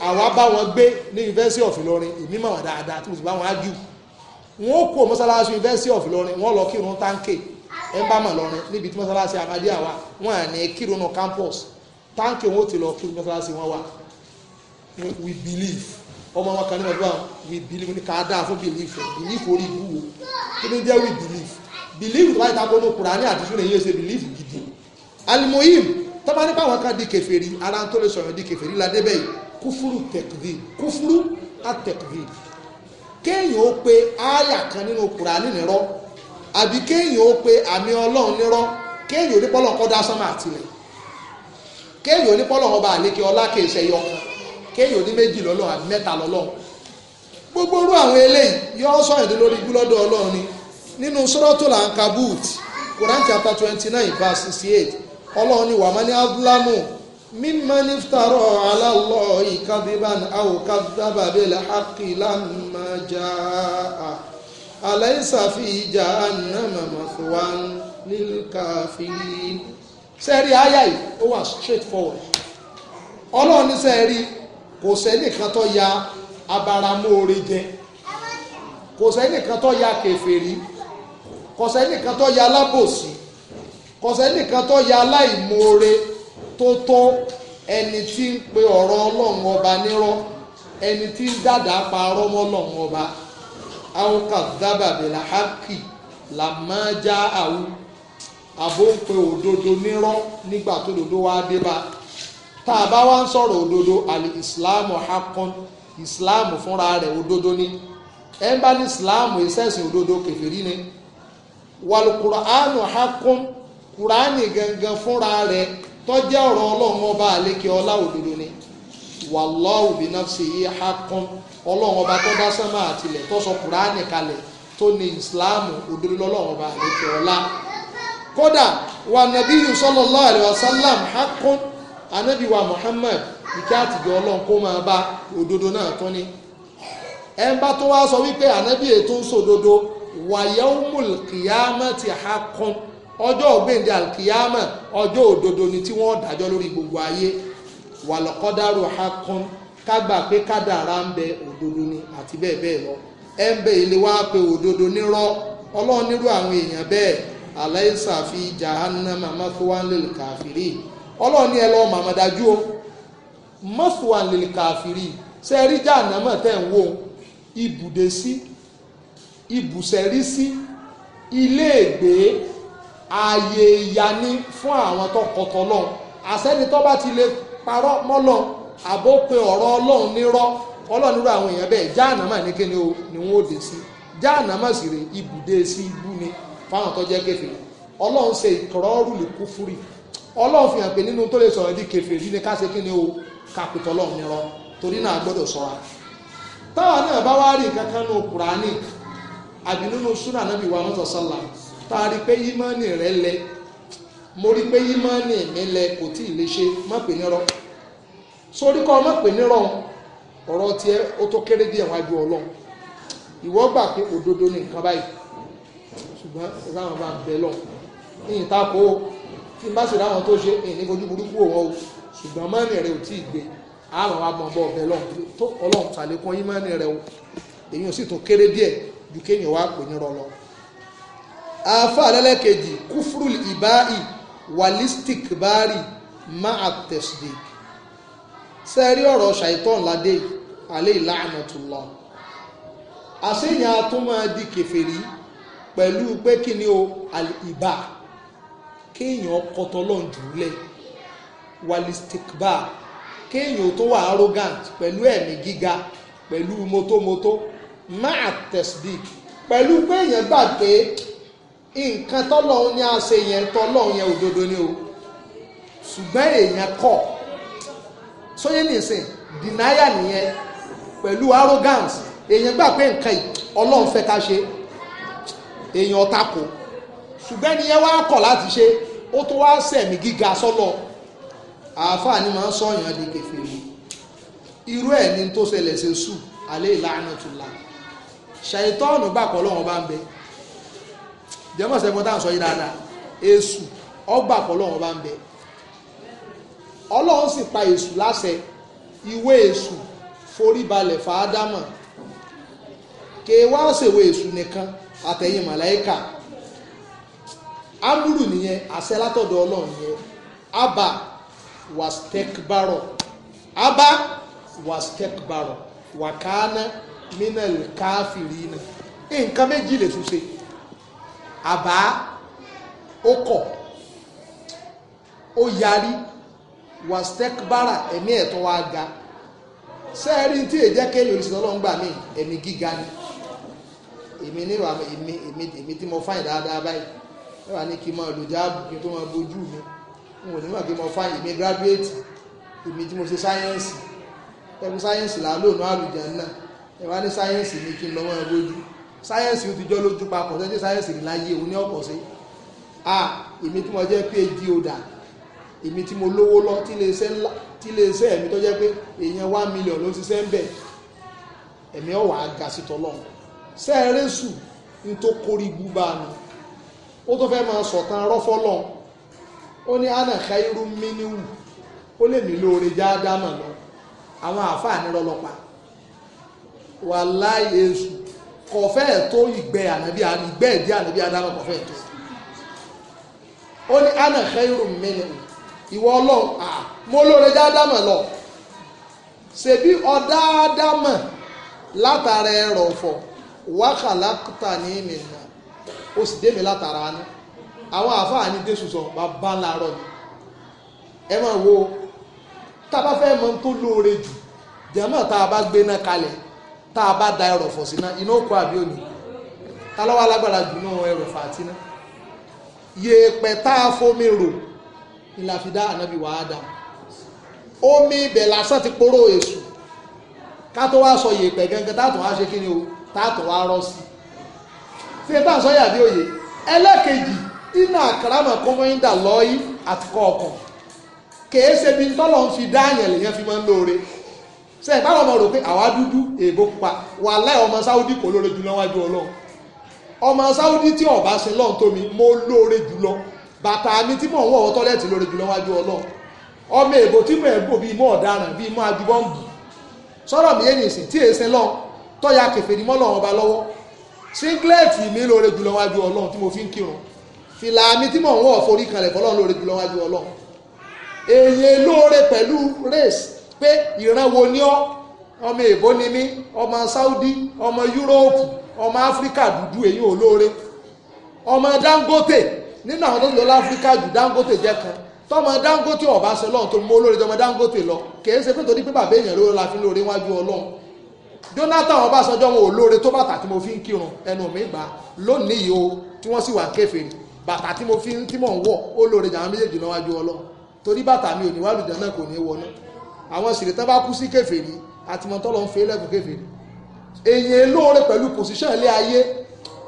àwa bá wọn gbé ní University of Ìlọrin èmi mọ̀ dáadáa tí mo sì bá wọn ágìw wọn ó kó mọ́sálásí University of Ìlọrin wọn lọ kírun táǹkì ẹ̀ńbàmọ̀ lọ́rin níbi tí mọ́sálásí amadé àwa wọn à ní kírun náà campus táǹkì wọn ó ti lọ kírun mọ́sálásí wọn wà we believe ọmọ wọn kan ní wọn bá we believe ká dáa fún belief belief orí ibú kí ló ń we believe Believe tó bá ti takò ní kùránì àti súnà yìí ṣe Believe gidi alimoyim tó bá nípa àwọn kan di kèfèrí ara tó lè sọ̀rọ̀ di kèfèrí la débẹ̀ yìí kúfúrú tẹ̀kìdì kúfúrú àtẹ̀kìdì kéèyàn ó pe ááyà kan nínú kùránì nírọ́ àbí kéèyàn ó pe àmì ọlọ́run nírọ́ kéèyàn onípọ́lọ̀ kọ́ dá sánmà àtìlẹ̀ kéèyàn onípọ́lọ̀ ọba àlékè ọlá kèéṣe yọ kan kéèyàn oní méjì lọ́lọ́run àbí mẹ́ta lọ́lọ́run gbogbo orú àwọn eléyìí yọ sọ̀rọ̀ lórí gúlọ́dọ̀ ọlọ́run ni nínú sọ́rọ́tò lankabut Quran chapter twenty nine verse sixty eight ọlọ́run ni wàmání adúlámù mímání fìtàrọ̀ aláwọ̀ ìkàdébàn àwòkàdábàbẹ̀lẹ̀ àkìlámájà aláìsàfi ìjà ànàmà màfíwán nílùkàfíìn. sẹ́ẹ̀rí àyà yìí ó wà straight forward ọlọ́run ní sẹ́ẹ̀rí kò sẹ́nìkan tó ya abaramoore jẹ kò sẹ́nìkan tó ya kèfèrí kọ̀sẹ́ nìkan tó ya alábòsí kọ̀sẹ́ nìkan tó ya aláìmoore tó tó ẹni tí ń pe ọ̀rọ̀ ọlọ́run ọba nírọ́ ẹni tí ń dàdà parọ́ mọ́ ọlọ́run ọba àwọn kàdábàbí làákì làmájá àwọn àbó ń pe òdodo nírọ́ nígbà tó dodo wá dé bá tá a bá wá ń sọ̀rọ̀ òdodo àlè ìsìláàmù hakon ìsìláàmù fúnra rẹ̀ òdodo ni ẹ̀ ń bá ní ìsìláàmù ìṣẹ̀sìn òdodo kèfèrí ni. wàlùkùránù hákún kùránì gangan fúnra rẹ̀ tọ́jà ọ̀rọ̀ ọlọ́run ọba àlékè ọlá òdodo ni wàlọ́ọ̀hù bí nafsihi hákún ọlọ́run ọba tó dá sánmà àtìlẹ̀ tó sọ kùránì kalẹ̀ tó ní ìsìláàmù òdodo lọ́lọ́run ọba àlékè ọlá kódà wà nàbí sallallahu alaihi wasallam hákún anábì wa Muhammad ike àtìjọ ọlọ́run kó máa bá òdodo náà tán ni ẹ̀ ń bá tó wá sọ wípé anábì ètò ń sòdodo wàyẹ́wùmùl kìyàmà ti ha kún ọjọ́ ògbéǹde alkiyama ọjọ́ òdodo ni tí wọ́n dájọ́ lórí gbogbo ayé wàlọ́kọ́dárò ha kún kágbà pé kádàrá ń bẹ òdodo ni àti bẹ́ẹ̀ bẹ́ẹ̀ lọ ẹ ń bẹ ilé wa pé òdodo nírọ́ ọlọ́run àwọn èèyàn bẹ́ẹ̀ aláìsà fi jahannama mọ́tòwá lèlè káfírí ọlọ́run ẹ lọ́ọ́ màmọ́dájú o mọ́tòwá lèlè káfírí ṣe é rí ń wò ibùdó ibùsẹ̀rí sí ilé ìgbé ààyè ìyani fún àwọn tó kọtọ lọ́hùn àsẹ́ni tó bá ti lè parọ́ mọ́lọ́ àbópin ọ̀rọ̀ ọlọ́run nírọ́ ọlọ́run nírọ́ àwọn èèyàn bẹ́ẹ̀ jáànámà ní kíni o ni wọ́n ó dé sí jáànámà sì rè ibùdé sí ibú ni fáwọn tó jẹ́ kèfèrí ọlọ́run ṣe ìkọ̀rọ̀rù lè kú fúrì ọlọ́run fi hàn pé nínú tó lè sọ̀rọ̀ di kèfèrí ni ká ṣe kíni o kápẹ́tọ̀ ọlọ́run nírọ́ torí náà gbọ́dọ̀ ṣọ́ra táwọn náà bá wá rí nǹkan kan nù kùránì àbí nínú súnà nàbí wa mọ́tò sálà tá a rí pé yímọ́nì rẹ lẹ mo rí pé yímọ́nì mi lẹ kò tí ì lè ṣe má pè nírọ́ sórí kọ́ má pè nírọ́ ọ̀rọ̀ tiẹ̀ ó tó kéré díẹ̀ wájú ọlọ́run ìwọ gbà pé òdodo ni nǹkan báyìí ṣùgbọ́n ẹgbẹ́ àwọn bá ń bẹ lọ ní ìtakò ó tí n bá sì ráwọn tó ṣe èyí ní fojú burúkú òun o ṣùgbọ́n mọ́nì rẹ ò tí ì gbé àwọn àwọn abọ̀nbọ̀ ọ̀bẹ lọ tó ọlọ́run tàlékún yín rẹ o èyí ò sì tó kéré díẹ̀ ju kéèyàn wá pè ní rọlọ. àáfà alẹ́lẹ́kejì kúfúrú ìbáì wàlístik bárì máa tẹ̀sídẹ̀ sẹ́ẹ̀rí ọ̀rọ̀ ṣàìtàn ládé alẹ́ ìlànà tó lọ. àṣeyàn atúmọ̀ di kẹfẹ́rí pẹ̀lú pé kí ni o ìbá kéèyàn kọtọ lọ́njú lẹ̀ wàlístik kéèyàn tó wà arrogant pẹ̀lú ẹ̀mí gíga pẹ̀lú mọ́tómọ́tó. Moto, moto máa tasbik pẹ̀lú pé èèyàn gbà pé nǹkan tọ́lọ́hún ni a ṣe yẹn tọ́lọ́hún yẹn òdodo ni o ṣùgbọ́n èèyàn kọ̀ sóyè nìsín denial nìyẹn pẹ̀lú arrogance èèyàn gbà pé nǹkan yìí ọlọ́run fẹ́ ká ṣe èèyàn ọ̀tá kò ṣùgbọ́n ẹni yẹn wá kọ̀ láti ṣe ó tún wá sẹ̀mí gíga sọ́lọ̀ àáfàá ni máa ń sọ̀yàn di kẹfẹ́ mi irú ẹ̀ ni tó ṣẹlẹ̀ ṣe sùn alẹ́ ìlànà tó lára ṣàìtọ́ọ̀nù gbà pọ̀ lọ́wọ́ bá ń bẹ jẹ́mọ̀ sẹ́gun tá à yìí dáadáa èṣù ọgbà lọ́wọ́ bá ń bẹ ọlọ́run sì pa èṣù láṣẹ ìwé èṣù foríbalẹ̀ fàádámọ̀ kè wá ṣèwé èṣù nìkan àtẹ̀yìn màláìkà amúlù nìyẹn àṣẹ látọ̀dọ̀ ọlọ́run yẹn abba wakana. minel káfìrí náà nǹkan méjì lè tún ṣe àbá ó kọ̀ ó yarí wàstẹ́kbára ẹ̀mí ẹ̀tọ́ wa ga sẹ́ẹ̀rí tí èjẹ́ kéèyàn olùsìn ọlọ́run gbà mí gíga ni èmi nílò èmi èmi èmi tí mo fáyìn dáadáa báyìí wọ́n wà ní kí n máa lò jáàbù kí n tó máa bójú mi n ò ní mọ̀ kí n máa fáyìn èmi gíráduétì èmi tí mo ṣe sáyẹ́ǹsì ẹ̀kú sáyẹ́ǹsì làálò náà àlùjá náà ẹ wá ní sáyẹ́ǹsì ní kí n lọ́wọ́ ẹ lójú sáyẹ́ǹsì ó ti jọ́ lójú papọ̀ sẹ́jẹ́ sáyẹ́ǹsì ní láyé òun ní ọ̀pọ̀ sí a èmi tí mo jẹ́ phd ọ̀dà èmi tí mo lówó lọ tí lè ṣe ẹ̀mí tó jẹ́ pé èèyàn one million ló ṣiṣẹ́ ń bẹ̀ ẹ̀mí ọ̀wà ga sí tọ́lọ́run sẹ́ẹ̀rẹ́sù ní tó kórí gbúgbà nù ó tó fẹ́ máa sọ̀tàn rọ́fọ́lọ́run ó ní ana khairu miniwu ó lè mí lóore já lọ àwọn àáfàá nírọ́lọ́pàá wàláì èṣù kọ̀fẹ́ tó ìgbẹ́ ànábì ìgbẹ́ ìdí ànábì adáná kọ̀fẹ́ tó ó ní ana khairun minhu ìwọ ọlọ́run à mo lóore já dámọ̀ lọ ṣebí ọ̀dá dámọ̀ látara ẹ̀rọ ọ̀fọ̀ wákàlá kúta ní ìmìnira ó sì dé mi látara ní àwọn àfáà ní jésù sọ bàbá làárọ̀ ni ẹ máa wo tá mọ tó lóore jù jẹ́mọ̀ tá a bá gbé kalẹ̀ tá a bá da ẹrọ̀fọ̀ síná iná òkú àbí òní ta lọ́wọ́ alágbára jù náà ẹrọ̀fọ̀ àti iná yèèpẹ̀ tá a fomi rò ìlàfidá ànábì wàá dà omi ibẹ̀ lásán ti poró èṣù ká tó wá sọ yèèpẹ̀ gángan táàtò wá ṣe kíni o táàtò wá rọ́ sí i ṣé táà sọ yàbí òye ẹlẹ́kejì iná àkàràmà kọ́mọ́yìndà lọ́ọ́yì àtikọ́ ọkàn kèé ṣe bí ntọ́lọ́ ń fi dáàyàn lèyàn fi máa ń lóore ṣe ẹ̀ báwọn ọmọ rò pé àwa dúdú èèbó pa. wà láì ọmọ sáúdí kò lóore jùlọ wájú ọlọ́run ọmọ sáúdí tí ọba ṣe lọ́n tómi mo lóore jùlọ bàtà mi tí mò ń wọ̀ tọ́lẹ̀tì lóore jùlọ wájú ọlọ́run ọmọ èèbó tí mò ń gbò bíi mọ́ ọ̀daràn bíi mọ́ ajúbọ́ǹbù sọ̀rọ̀ mi yéèyàn sìn tí èsìn lọ́n tọ́ya kẹfẹ́ ni mọ́lọ́ ọba lọ́wọ́ singlet mi lóore jùlọ wájú ọlọ́run tí mo fi ń kírun fìlà mò ń wọ̀ forí kan lẹ̀ fọlọ́run lóore jùlọ wájú ọlọ́run èyí lóore pẹ̀lú pé ìran wo ni ọ́ ọmọ èbó ni mí ọmọ Saudi ọmọ Yúróòpù ọmọ Áfíríkà dúdú èyí olóore ọmọ Dangote nínú àwọn tó lọ láfíríkà jù Dangote jẹ́ kan tọmọ Dangote ọba ṣe lọ́run tó mú olóore jọmọ Dangote lọ kìí ṣe pé torí pé bàbá èèyàn lóore la fi lóore wájú Ọlọ́run Jonathan Ọbásanjọ́ wọn ò lóore tó bàtà tí mo fi ń kírun ẹnu mi gbà lónìí yìí o tí wọ́n sì wà kèfèrí bàtà tí mo fi ń tí mò ń wọ̀ ó lóore jàmọ́ méjèèjì lọ́wájú Ọlọ́run torí bàtà mi ò ní wàlùjọ náà kò ní wọnú àwọn sèrè tán bá kú sí kèfèrí àti mọ́tọ́ lọ́n fẹ́ lẹ́kùn kèfèrí èyàn lóore pẹ̀lú pòsíṣàn ilé ayé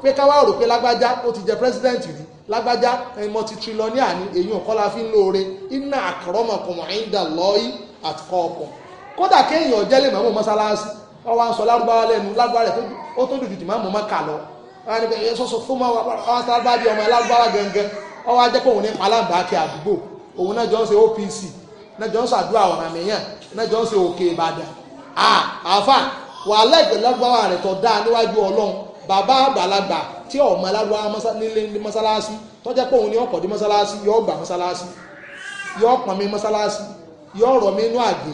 pé ká wá rò pé lágbájá ó ti jẹ president rí lágbájá multi trillionaire ni èyí ò kọ́lá fi ń lóore inna akramakum inda Allahi atqakum kódà kéèyàn jẹ́ lè mọ̀mọ́ mọ́sálásí ọwọ́ à ń sọ lárúbáwá lẹ́nu lágbára rẹ̀ ó tó dùdù tìmọ̀ mọ́ ká lọ sọ́sọ́ fún wọn sábà bí ọmọ lárúbáwá gẹ́gẹ́ ọwọ́ ajẹ́pọ̀ òun ní palamba kí àdúgbò òun náà jọ ń ṣe OPC Ne nájọ ń ṣàdúrà ọ̀ràn mìíràn nájọ ń ṣe òkè ìbàdàn àáfà wàhálà ìgbẹ́lágbára rẹ̀ tọ́ dáa níwájú ọlọ́run bàbá àgbàlagbà tí ọmọ aláwọ̀ nílé mọ́sálásí tọ́jẹ́ pé òun ni ọkọ̀ dé mọ́sálásí yóò gbà mọ́sálásí yóò pọ̀n mi mọ́sálásí yóò rọ̀ mi inú àgbè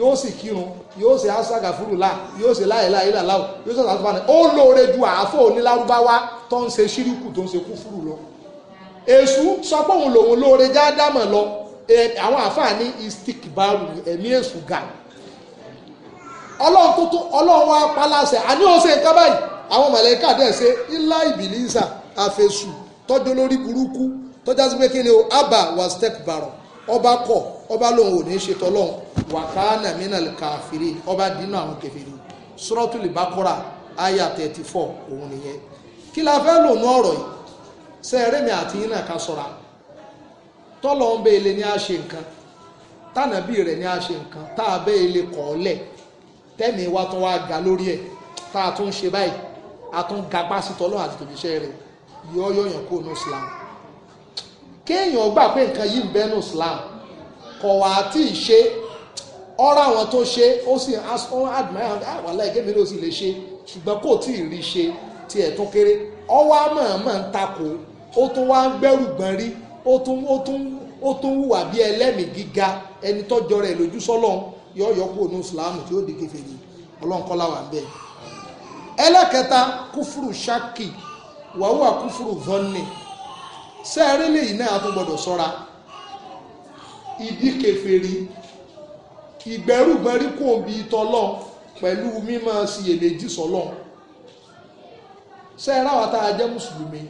yóò sì kírun yóò ṣe aṣága fúrúlà yóò ṣe láìlá ìlà láwù yóò ṣe àtúntò fani ó lóore ju àáfò onílárúbáwá tó ń ṣe ṣíríkù tó ń ṣe kúfúrú lọ èṣù sọ pé òun lòun lóore já dámọ̀ lọ Eh, àwọn àfáà ní istik báwù ẹ̀mí èṣù ga ọlọ́run tuntun ọlọ́run wa paláṣẹ àní ọ̀sẹ̀ nǹkan báyìí àwọn mọ̀lẹ́kà dẹ̀ ṣe ilá ìbìlísà àfẹ̀sù tọ́jú lórí burúkú tọ́já sí pé kíni o abba was step barrel ọba kọ̀ ọba lòun ò ní ṣe tọ́lọ́run wàkánà mínàlì káfírí ọba dínà àwọn kẹfìrí suratul Baqara àyà thirty òun nìyẹn kí la fẹ́ lò ní ọ̀rọ̀ yìí àti yín náà ká sọ̀rọ̀ tọ́lọ̀ ń bẹ ilé ní a ṣe nǹkan tànàbí rẹ̀ ní a nǹkan tá a bẹ ilé kọ̀ọ́lẹ̀ tẹ́mi wa tún wá ga lórí ẹ̀ tá a tún ṣe báyìí a tún ga pásítọ̀ ọlọ́run àti tòbíṣẹ́ rẹ̀ yọ yọyàn kó nu Islam kéèyàn gbà pé nǹkan yìí ń bẹ nu Islam kọ̀ wá tí ì ṣe ọ̀rọ̀ àwọn tó ṣe ó sì ń admire àwọn aláìké mi ló sì lè ṣe ṣùgbọ́n kò tí ì rí ṣe tí ẹ̀ tún kéré ọwọ́ àmọ́ ń takò ó tún wá ń gbẹ́rù rí ó tún ó tún ó tún wùwà bí ẹlẹ́mìí gíga ẹni tọ́jọ́ rẹ̀ lójú sọ́lọ́n yọ yọ kúrò ní ìsìláàmù tí ó di kèfèrí ọlọ́nkọ́lá wà ń bẹ̀. ẹlẹ́kẹta kúfùrù ṣákì wàhùwà kúfùrù vọ́nì sẹ́ẹ̀rí lèyí náà tó gbọ́dọ̀ sọ́ra ìdí kèfèrí ìgbẹ́rùgbẹ́rí kò bí tọ́lọ́ pẹ̀lú mímọ́ síyèméjì sọ́lọ́ sẹ́ẹ̀rá wa tá a mùsùlùmí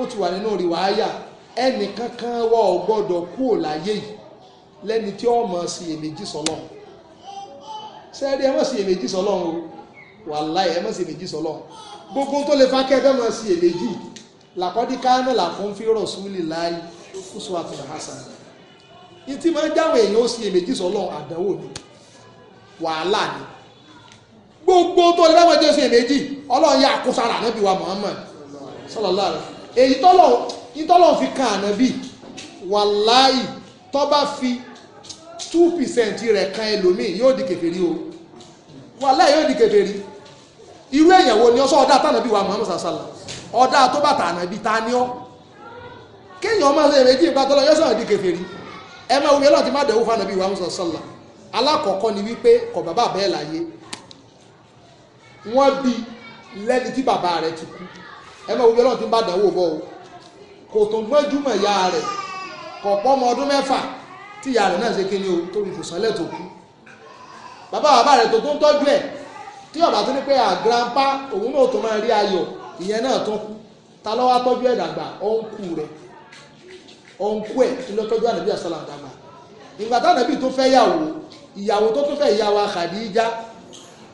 ó ti wà nínú rìwáyà ẹnì kankan wa ò gbọ́dọ̀ kúò láyé yìí lẹ́ni tí ó mọ̀ sí èméjì sọlọ́run sẹ́ẹ̀rí ẹ mọ̀ sí èméjì sọlọ́run o wàláì ẹ mọ̀ sí èméjì sọlọ́run gbogbo tó lè fa kẹ́ẹ̀fẹ́ mọ̀ sí èméjì làkọ́dí káánà làfún fírọ̀ súlì láì kúsù àtúnà hasan ní tí máa ń jáwọ̀ èèyàn ó sí èméjì sọlọ́run àdánwò ni wàhálà ni gbogbo tó lè fẹ́ mọ̀ sí èméjì ọlọ́run yà kó sára ànábì wa Muhammad sallallahu alaihi èyí tọ́lọ́run ìtọ́lọ̀ fi kan ànábì wàláì tó bá fi two percent rẹ̀ kan ẹlòmíì yóò di kèfèrí o wàláì yóò di kèfèrí irú èèyàn wo ni ọ sọ ọdá tànàbí wa Muhammad sàṣàlà ọdá tó bá tànàbí ta ni ọ kéèyàn ọmọ ṣe èrèjì ìgbà yóò sọ̀rọ̀ di kèfèrí ẹ máa wúlò láti má dẹ̀wò fànàbí wa Muhammad sàṣàlà alákọ̀ọ́kọ́ ni wípé kọ̀ bàbá bẹ́ẹ̀ láyé wọ́n bí lẹ́ni tí bàbá rẹ̀ ti kú ẹ máa wúlò láti má dẹ̀wò bọ́ o kò tó gbọ́njúmọ̀ ìyá rẹ̀ kò pọ́ ọmọ ọdún mẹ́fà tí ìyá rẹ̀ náà ṣe kí ni o torí kò sánlẹ̀ tó kú bàbá bàbá rẹ̀ tó tó ń tọ́jú ẹ̀ tí ọ̀bà tó ní pé àgránpá òun náà tó máa rí ayọ̀ ìyẹn náà tó kú ta ló wá tọ́jú ẹ̀ dàgbà ọ̀nkù rẹ̀ ọ̀nkù ẹ̀ tí ló tọ́jú ànábì àsálà dàgbà ìgbà tánàbì tó fẹ́ yàwó ìyàwó tó tó fẹ́ ìyàwó Khadija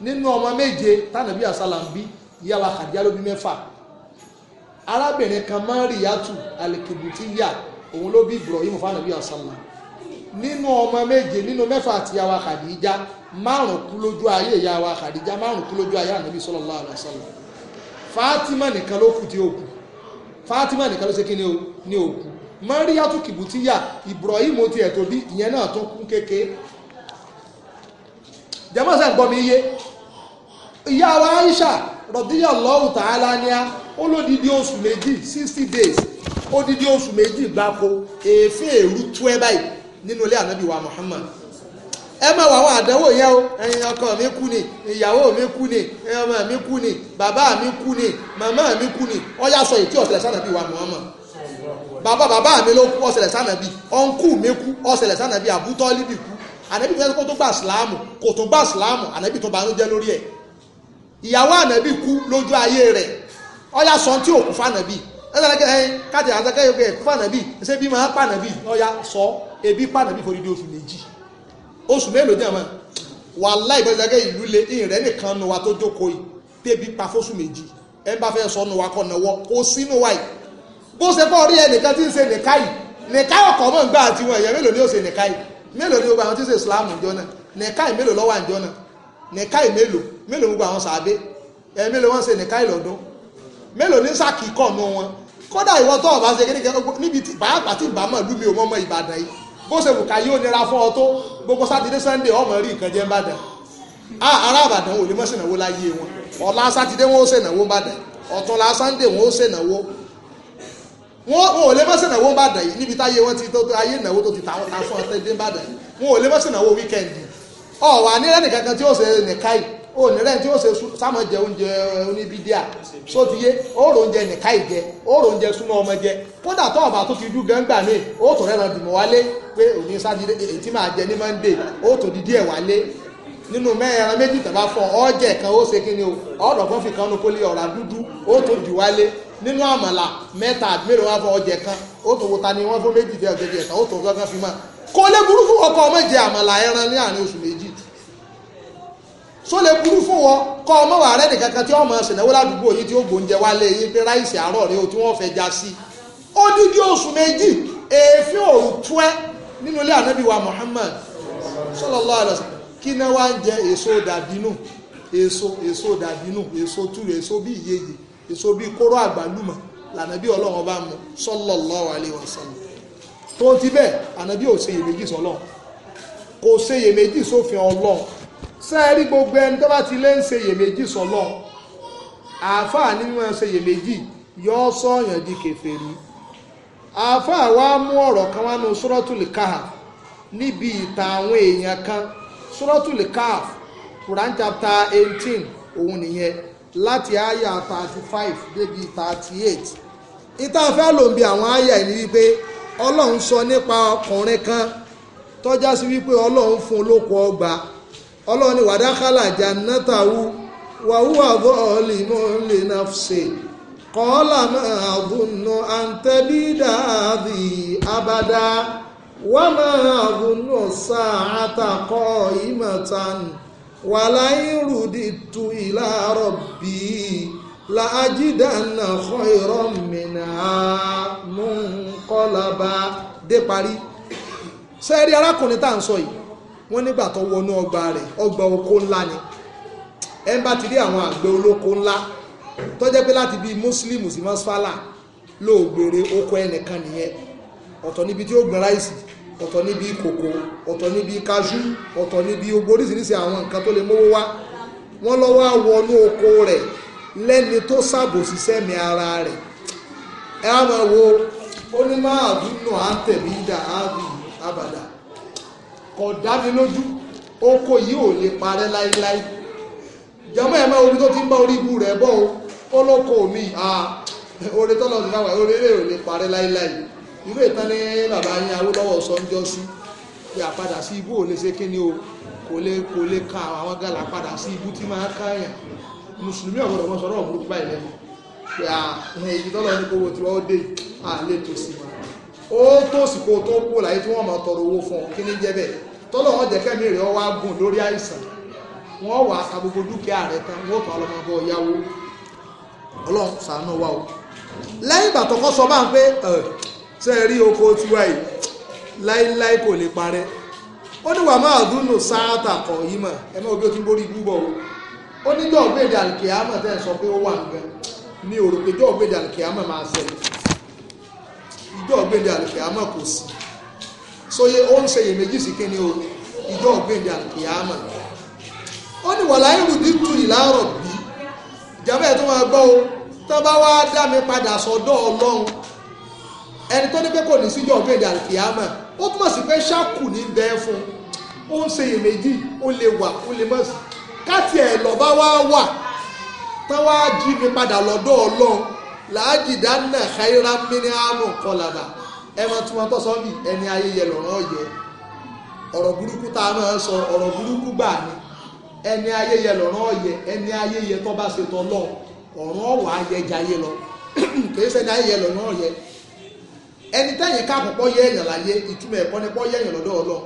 nínú ọmọ méje tánàbì àsálà ń ìyàwó Khadija ló bí mẹ́fà arábìnrin kan Mariyatu alikibutiya òun ló bí Ibrahim fanabi ọ̀sánlá nínú ọmọ méje nínú mẹ́fà àti yàwá Khadija márùn kú lójú ayé yàwá Khadija márùn kú lójú ayé ànábi sallallahu alaihi wasallam Fatima nìkan ló kù tí ó kù Fatima nìkan ló ṣe kí ni ó kù Mariyatu kibutiya Ibrahim ti ẹ̀ tó bí ìyẹn náà tó kún kéke jẹ́mọ́sán gbọ́ mi yé ìyá wa Aisha rọ̀díyà lọ́hùn tààlà ni a ó lódìdí oṣù méjì sixty days ó dídí oṣù méjì gbáko èéfín èrú tú ẹ báyìí nínú ilé ànábì wa Muhammad ẹ má wà àwọn àdánwò yẹn o ẹyin ọkọ mi kú ni ìyàwó mi kú ni ọmọ mi kú ni bàbá mi kú ni màmá mi kú ni ọyá sọ ètí ọ̀sẹ̀lẹ̀ sànàbí wa Muhammad bàbá bàbá mi ló kú ọ̀sẹ̀lẹ̀ sànàbí ọ̀nkù mi kú ọ̀sẹ̀lẹ̀ sànàbí àbútọ́líbì kú ànábì tó yẹ kó tó gbà sílámù kò tó gbà sílámù ànábì tó banújẹ́ lórí ẹ̀ ìyàwó ànábì kú lójú ayé rẹ̀ ọ̀yà sọ tí òkú fànàbì ẹ̀sẹ̀lẹ̀kẹ́ ẹ̀yìn káàtì àzẹ́kẹ́ yóò kú fànàbì ṣé bí máa pànàbì ọ̀yà sọ ebi pànàbì forí di oṣù méjì oṣù mélòó dẹ̀ mọ́ wàláì ìbẹ́sẹ̀kẹ́ ìlú le ìrẹ́ nìkan nu wa tó jókòó yìí tébi pa fóṣù méjì ẹ bá fẹ́ sọ nu wa kọ́ nàwọ́ kó sínú wa yìí bó ṣe fọ́ rí ẹnìkan tí ń ṣe nìka yìí nìka ọkọ̀ mọ̀ ń gbà àtiwọn èèyàn mélòó ni ó ṣe nìka yìí mélòó ni ó gbà àwọn tí ń ṣe ìsìlámù ìjọ náà nìka yìí mélòó lọ́wọ́ àjọ náà nìkáì mélòó mélòó gbogbo àwọn sàábé ẹ mélòó wọn ṣe nìkáì lọ́dún mélòó ní sàkíkọ̀ nu wọn kódà ìwọ tó ọba ṣe kékeré níbi tí pàápàá tí bàmọ lùmí o mọmọ Ìbàdàn yìí bó ṣe wù ká yóò nira fún ọ tó gbogbo sátidé Sunday ọmọ rí nǹkan jẹ ńbàdàn a ah, ará Ìbàdàn ò lè mọ ṣènàwó láyé wọn ọ̀la sátidé wọn ó ṣènàwó ńbàdàn ọ̀túnla Sunday wọn ó ṣènàwó wọn ò lè mọ ṣènàwó ńbàdàn yìí níbi táyé wọn ti tó ayé ìnáwó tó ti ta fún ọtẹ dé ńbàdàn wọn ò lè mọ ṣènàwó wíkẹ́ndì ọwà ní nìkan kan tí ó ṣe nìkáì ó nírẹ́ tí ó ṣe sámọ̀ jẹ oúnjẹ oníbídíà só yé ó rò oúnjẹ nìkáì jẹ ó rò oúnjẹ súnmọ́ ọmọ jẹ kódà tó ọ̀bà tó dú gángbà mi ó wálé pé òní sátidé èyí máa jẹ ní monday ó tò wálé nínú méjì tàbá fọ ọ́jẹ̀ kan ó ṣe kí ni o ọ̀rọ̀ kan fi kan kólé ọ̀rá dúdú ó tó wálé nínú àmàlà mẹ́ta kan ó tó wo ni wọ́n méjì ọ̀jẹ̀ kan ó tó gángan fi mọ́ burúkú ọkọ̀ àmàlà ẹran ní àárín oṣù méjì So lè burú fún wọn kọ́ ọmọ wà rẹ́ nìkankan tí ọmọ ṣènáwó ládùúgbò yìí tí ó gbóúnjẹ wálé yìí pé ráìsì àárọ̀ rẹ o tí wọ́n fẹ́ já sí ó dídí oṣù méjì èéfín òru tú ẹ nínú ilé ànábì wa Muhammad sallallahu alaihi wasallam kí náà wá ń jẹ èso dàbínú èso èso dàbínú èso túrò èso bí ìyeyè èso bí kóró àgbálùmọ̀ lànàbí ọlọ́run bá mu sallallahu alaihi wasallam tó ti bẹ́ẹ̀ ànàbí ò ṣeyèméjì sọlọ́run kò ṣeyèméjì sófin ọlọ́run sẹ́ẹ̀rí gbogbo ẹni tó bá ti lé ń ṣe sọ́lọ́ àáfàá ní wọ́n ṣe iyèméjì sọ́ọ̀yàn di kèfèrí àáfàá wa mú ọ̀rọ̀ kan wá nu sọ́rọ́tùlì níbi ìta àwọn èèyàn kan sọ́rọ́tùlì Quran chapter eighteen òun sọ nípa ọkùnrin kan tọ́já sí wípé fún olóko ọgbà ọlọ́run ni wàdákàlà jannatahu wa huwa zalimun li nafsi qala ma adhunnu an tabida hadhi abada wa ma adhunnu sa'ata qa'imatan wa la'in ruditu ila rabbi làájídàna khayran minha munqalaba dé parí sẹ́ẹ̀rí arákùnrin tá à ń sọ yìí wọ́n nígbà tó wọnú ọgbà rẹ̀ ọgbà oko ńlá ni ẹ bá ti rí àwọn àgbẹ̀ olóko ńlá tó jẹ́ pé láti bíi muslim sí masfala lóògbèrè oko ẹnìkan nìyẹn ọ̀tọ̀ níbi tí ó gbìn ráìsì ọ̀tọ̀ níbi kòkó ọ̀tọ̀ níbi kájú ọ̀tọ̀ níbi ogbó oríṣiríṣi àwọn nǹkan tó lè mówó wá wọ́n lọ́wọ́ wọnú oko rẹ̀ lẹ́ni tó ṣàbòsí sẹ́mi ara rẹ̀ ẹ á máa wo ó ní máa dùn náà á tẹ̀mí dà kò dá mi lójú oko yìí ò lè parẹ́ láíláí jọmọ ẹ̀ máa omi tó ti ń bá orí ibu rẹ̀ bọ́ o ó lóko mi oore tọ́lọ̀ ti fáwọn oore rẹ̀ ò lè parẹ́ láíláí irú ìtàn ní bàbá yín Awólọ́wọ̀ sọ́njọ́ sí pé àpadà sí ibú ò lè ṣe kí ni o kò lè kò lè ka àwọn gàlà padà sí ibú tí máa káyàn mùsùlùmí ọ̀gbọ̀dọ̀ mọ́ sọ́rọ̀ burúkú báyìí lẹ́nu pé àwọn èyí tọ́lọ̀ ní kówó tí wọ́n dé à lè tòsí ó tòsí kó tó kú láyé tí wọ́n máa tọrọ owó fún ọ kí ní jẹ́ bẹ́ẹ̀ tọlọ wọn jẹ́ rẹ̀ wá gùn lórí àìsàn wọn wà á dúkìá rẹ̀ tán wọn tọ́ ọlọ́mọ bọ́ ọlọ́run ṣàánú wa o lẹ́yìn ìgbà tó sọ bá ń pé ṣe rí oko tiwa yìí láíláí kò lè parẹ́ ó ní wà máa sáátà yìí mọ̀ ẹ bí ti ń borí gbúbọ̀ o ó ní tẹ́ sọ pé sóye ó ń ṣe iyèméjì sí kí ni o ìjọ ògbéǹde àkìyàmà ó ní wàlá ìrùdí tu ìlàrọ̀ bí ìjàmbá ẹ̀ tó máa gbọ́ o tó bá wá dá mi padà sọ́dọ̀ ọlọ́run ẹni tó ní pé kò ní síjọ ògbéǹde àkìyàmà ó túmọ̀ sí pé ṣáàkù ní bẹ́ẹ̀ fún ó ń ṣe iyèméjì ó lè wà ó lè mọ̀ sí káti ẹ̀ lọ́ bá wá wà tán wá jí mi padà lọ́dọ̀ ọlọ́run làájì dáná xayira mi ní àmọ̀ kọlàbà ẹran tí wọn tọ́ sọ bí ẹni ayé yẹ lọ́rọ́ yẹ ọ̀rọ̀ burúkú tá a máa sọ ọ̀rọ̀ burúkú gbà ni ẹni ayé yẹ lọ́rọ́ yẹ ẹni ayé yẹ tọ́ bá ṣe tọ́ lọ ọ̀rọ̀ ọ̀wà ayẹjẹ ayé lọ [clears throat] kì í ṣẹni ayé yẹ lọ́rọ́ yẹ ẹni tẹ́yìn káàpọ̀ pọ́ yẹ èèyàn láyé ìtumọ̀ ẹ̀kọ́ ni pọ́ yẹ èèyàn lọ́dọ̀ ọlọ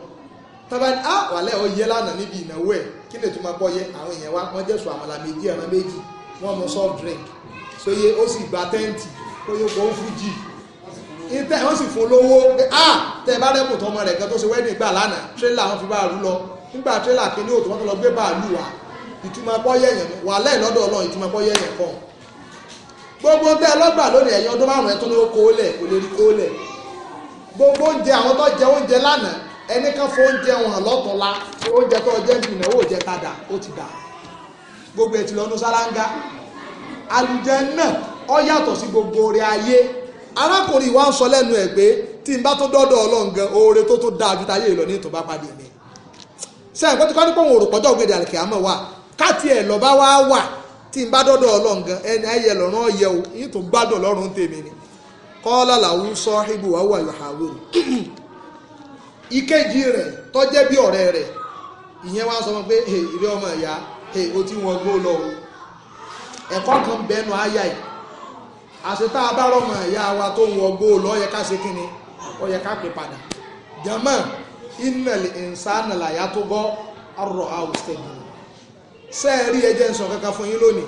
tọ́ba ni ah wàlẹ́ ọ yẹ lánàá níbi ìnáwó ẹ̀ kí lè tún máa pọ́ yẹ àwọn èèyàn wa wọ́n jẹ̀sùn àmàlà méjì ẹran méjì wọ́n mu soft drink sóye ó sì gba tẹ́ǹtì kóyó kó fújì ìtẹ́ wọ́n sì folówó pé a ah, tẹ́ bá rẹ́bù tọmọ rẹ̀ kan tó ṣe wẹ́ẹ̀dì gbà lánàá tírélà wọn fi báàlú lọ nígbà tírélà kìíní òtún wọn tó lọ gbé báàlú wa ìtumọ̀ pọ́ yẹ̀yàn wà lẹ́yìn lọ́dọ̀ ọlọ́run ìtumọ̀ pọ́ kọ́ gbogbo tẹ́ ọlọ́gbà lónìí ẹ̀yìn ọdún márùn-ún lè gbogbo oúnjẹ àwọn tó jẹ oúnjẹ lánàá ẹni fọ oúnjẹ wọn arákùnrin wa ń sọ lẹ́nu ẹ̀ pé tí n bá tó dọ́dọ̀ ọlọ́run gan oore tó tó dáa ju táyé ní ìtọ́ bá padì mi wa wà tí n bá dọ́dọ̀ ọlọ́run gan o yìí tó gbádùn ọlọ́run tèmi ni kọ́lá làwọn sọ ibu wà wà yòhàwòrò ìkejì rẹ̀ tọ́jẹ́ bí ọ̀rẹ́ rẹ̀ ìyẹn wá sọ àṣetá abárọ̀mọ̀ ìyá wa tó wọ góòlù ó yẹ ká ṣe kíni ó yẹ ká pè padà jẹ́mọ̀ ìnàlẹ̀ ìnsánàlà yá tó gọ́ ọ̀rọ̀ àwùsẹ̀dì sẹ́ẹ̀rí ẹjẹ́ ń sọ kankan fún yín lónìí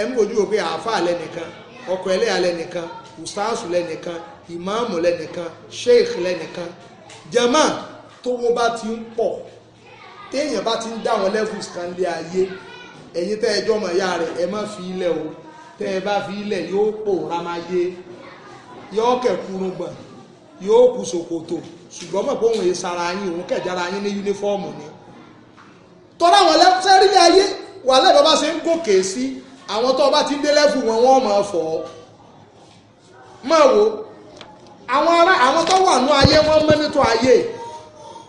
ẹ̀ ń bójú òpin àáfà lẹ́nìkan ọkọ̀ ẹlẹ́yà lẹ́nìkan ustaasu lẹ́nìkan ìmáàmù lẹ́nìkan sheikh lẹ́nìkan jẹ́mọ̀ tówó bá ti ń pọ̀ téèyàn bá ti ń dá àwọn levels kan lé ayé ẹ̀yin tẹ́ ẹjọ́ mọ̀ ìyá rẹ̀ ẹ má fi ilẹ̀ o tẹ́ ẹ bá fi ilẹ̀ yóò pòórá máa yé yóò kẹ̀kúrun gbọ̀n yóò kù ṣòkòtò ṣùgbọ́n mọ̀ pé òun èé sara yín òun kẹ̀jára yín ní yúnífọ́ọ̀mù ni tọ́lá wọn lẹ́sẹ̀ rí ní ayé wà lẹ́bàá bá ṣe ń gòkè sí àwọn tó bá ti dé lẹ́fù wọn wọ́n máa fọ̀ ọ́ máa wò àwọn ará àwọn tó wà nú ayé wọ́n mẹ́nitọ́ ayé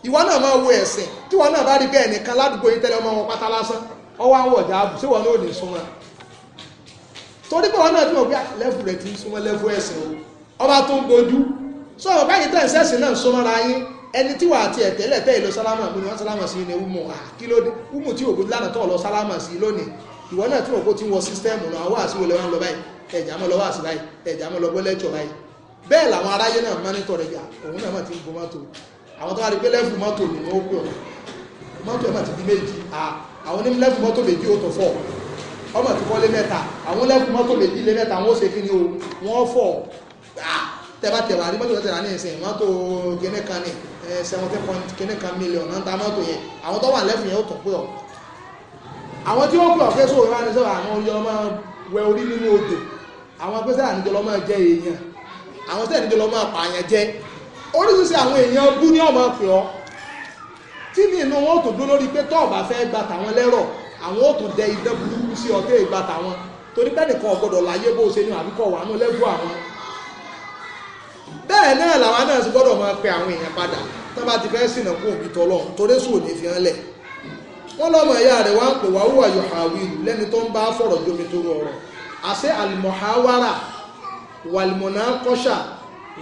ìwọ náà máa wo ẹ̀sìn tí wọn náà bá rí bẹ́ẹ̀ nìkan ládùúgbò yìí tẹ́lẹ̀ ọmọ wọn pátá lásán ọwọ́ àwọn ọ̀jà àbùsí wọn náà ò ní súnmọ́ torí pé wọn náà tí wọn gbé lẹ́fù rẹ̀ ti ń súnmọ́ lẹ́fù ẹ̀sìn o ọba tó ń gojú sọ wọn báyìí tẹ̀ ń sẹ́sìn náà súnmọ́ ra yín ẹni tí wà á tiẹ̀ tẹ́lẹ̀ tẹ́ ìlú sálámà mi ni wọ́n sálámà sí ni umu ah, kí ló dé umu tí òkú lánàá tọ̀ lọ sálámà sí lónìí ìwọ náà tí òkú ti wọ sísítẹ́ẹ̀mù náà wọ́n àṣìwò lẹ́wọ́n lọ báyìí ẹ̀já mọ́ lọ́wọ́ àṣì báyìí ẹ̀já mọ́ lọ́gbọ́ lẹ́jọ́ báyìí bẹ́ẹ̀ làwọn aráyé náà mánítọ̀ rẹ̀ yà òun náà mà ti ń bo mọ́tò àwọn tó wà rí pé lẹ́fù mọ́tò ni wọ́n pè ọ́ mọ́tò ẹ̀ mà ti di méjì ah, àwọn onímọ̀ lẹ́fù mọ́tò méjì ó tó fọ́ ọmọ ti kọ́lé mẹ́ta àwọn lẹ́kùn mọ́tò méjì lé mẹ́ta wọ́n ṣe kí ni o wọ́n fọ̀ ah, tẹ́bàtẹ́bà ní mọ́tò tẹ́ra ní ìsìn mọ́tò kìnnìkan ní seventeen point kìnnìkan mílíọ̀n náà ta mọ́tò yẹn àwọn tó wà lẹ́fù yẹn ó tọ̀ pé ọ̀ àwọn tí wọ́n pè ọ̀fẹ́ sóò rán ní sọ́wọ́ àwọn yọ ọmọ wẹ orí nínú odò àwọn pẹ́sẹ́ àníjọ lọ́mọ jẹ́ èèyàn àwọn tẹ́ àníjọ lọ́mọ pààyàn jẹ́ oríṣiríṣi àwọn èèyàn bú ní ọmọ pè ọ́ tí ní inú wọn ò tó dó lórí pé tọ́ọ̀bà fẹ́ gba tàwọn lẹ́rọ̀ àwọn ò tún dẹ idán burúkú sí ọtẹ́ ìgbà tàwọn torí pé nìkan ọ̀gbọ́dọ̀ láyé bó ṣe ní àbíkọ̀ wà nú lẹ́gbọ́ àwọn bẹ́ẹ̀ náà làwọn náà sì gbọ́dọ̀ máa pe àwọn èèyàn padà tó bá ti fẹ́ sìnà kó òbí tọ́lọ́run torí sùn ní fi hàn lẹ̀ wọ́n lọ́mọ ìyá rẹ̀ wá ń pè wá wúwà yòhàwìlù lẹ́ni tó ń bá fọ̀rọ̀ jomi tó rọrọ̀ àṣẹ àlùmọ̀háwárà wàlìmọ̀nà kọ́ṣà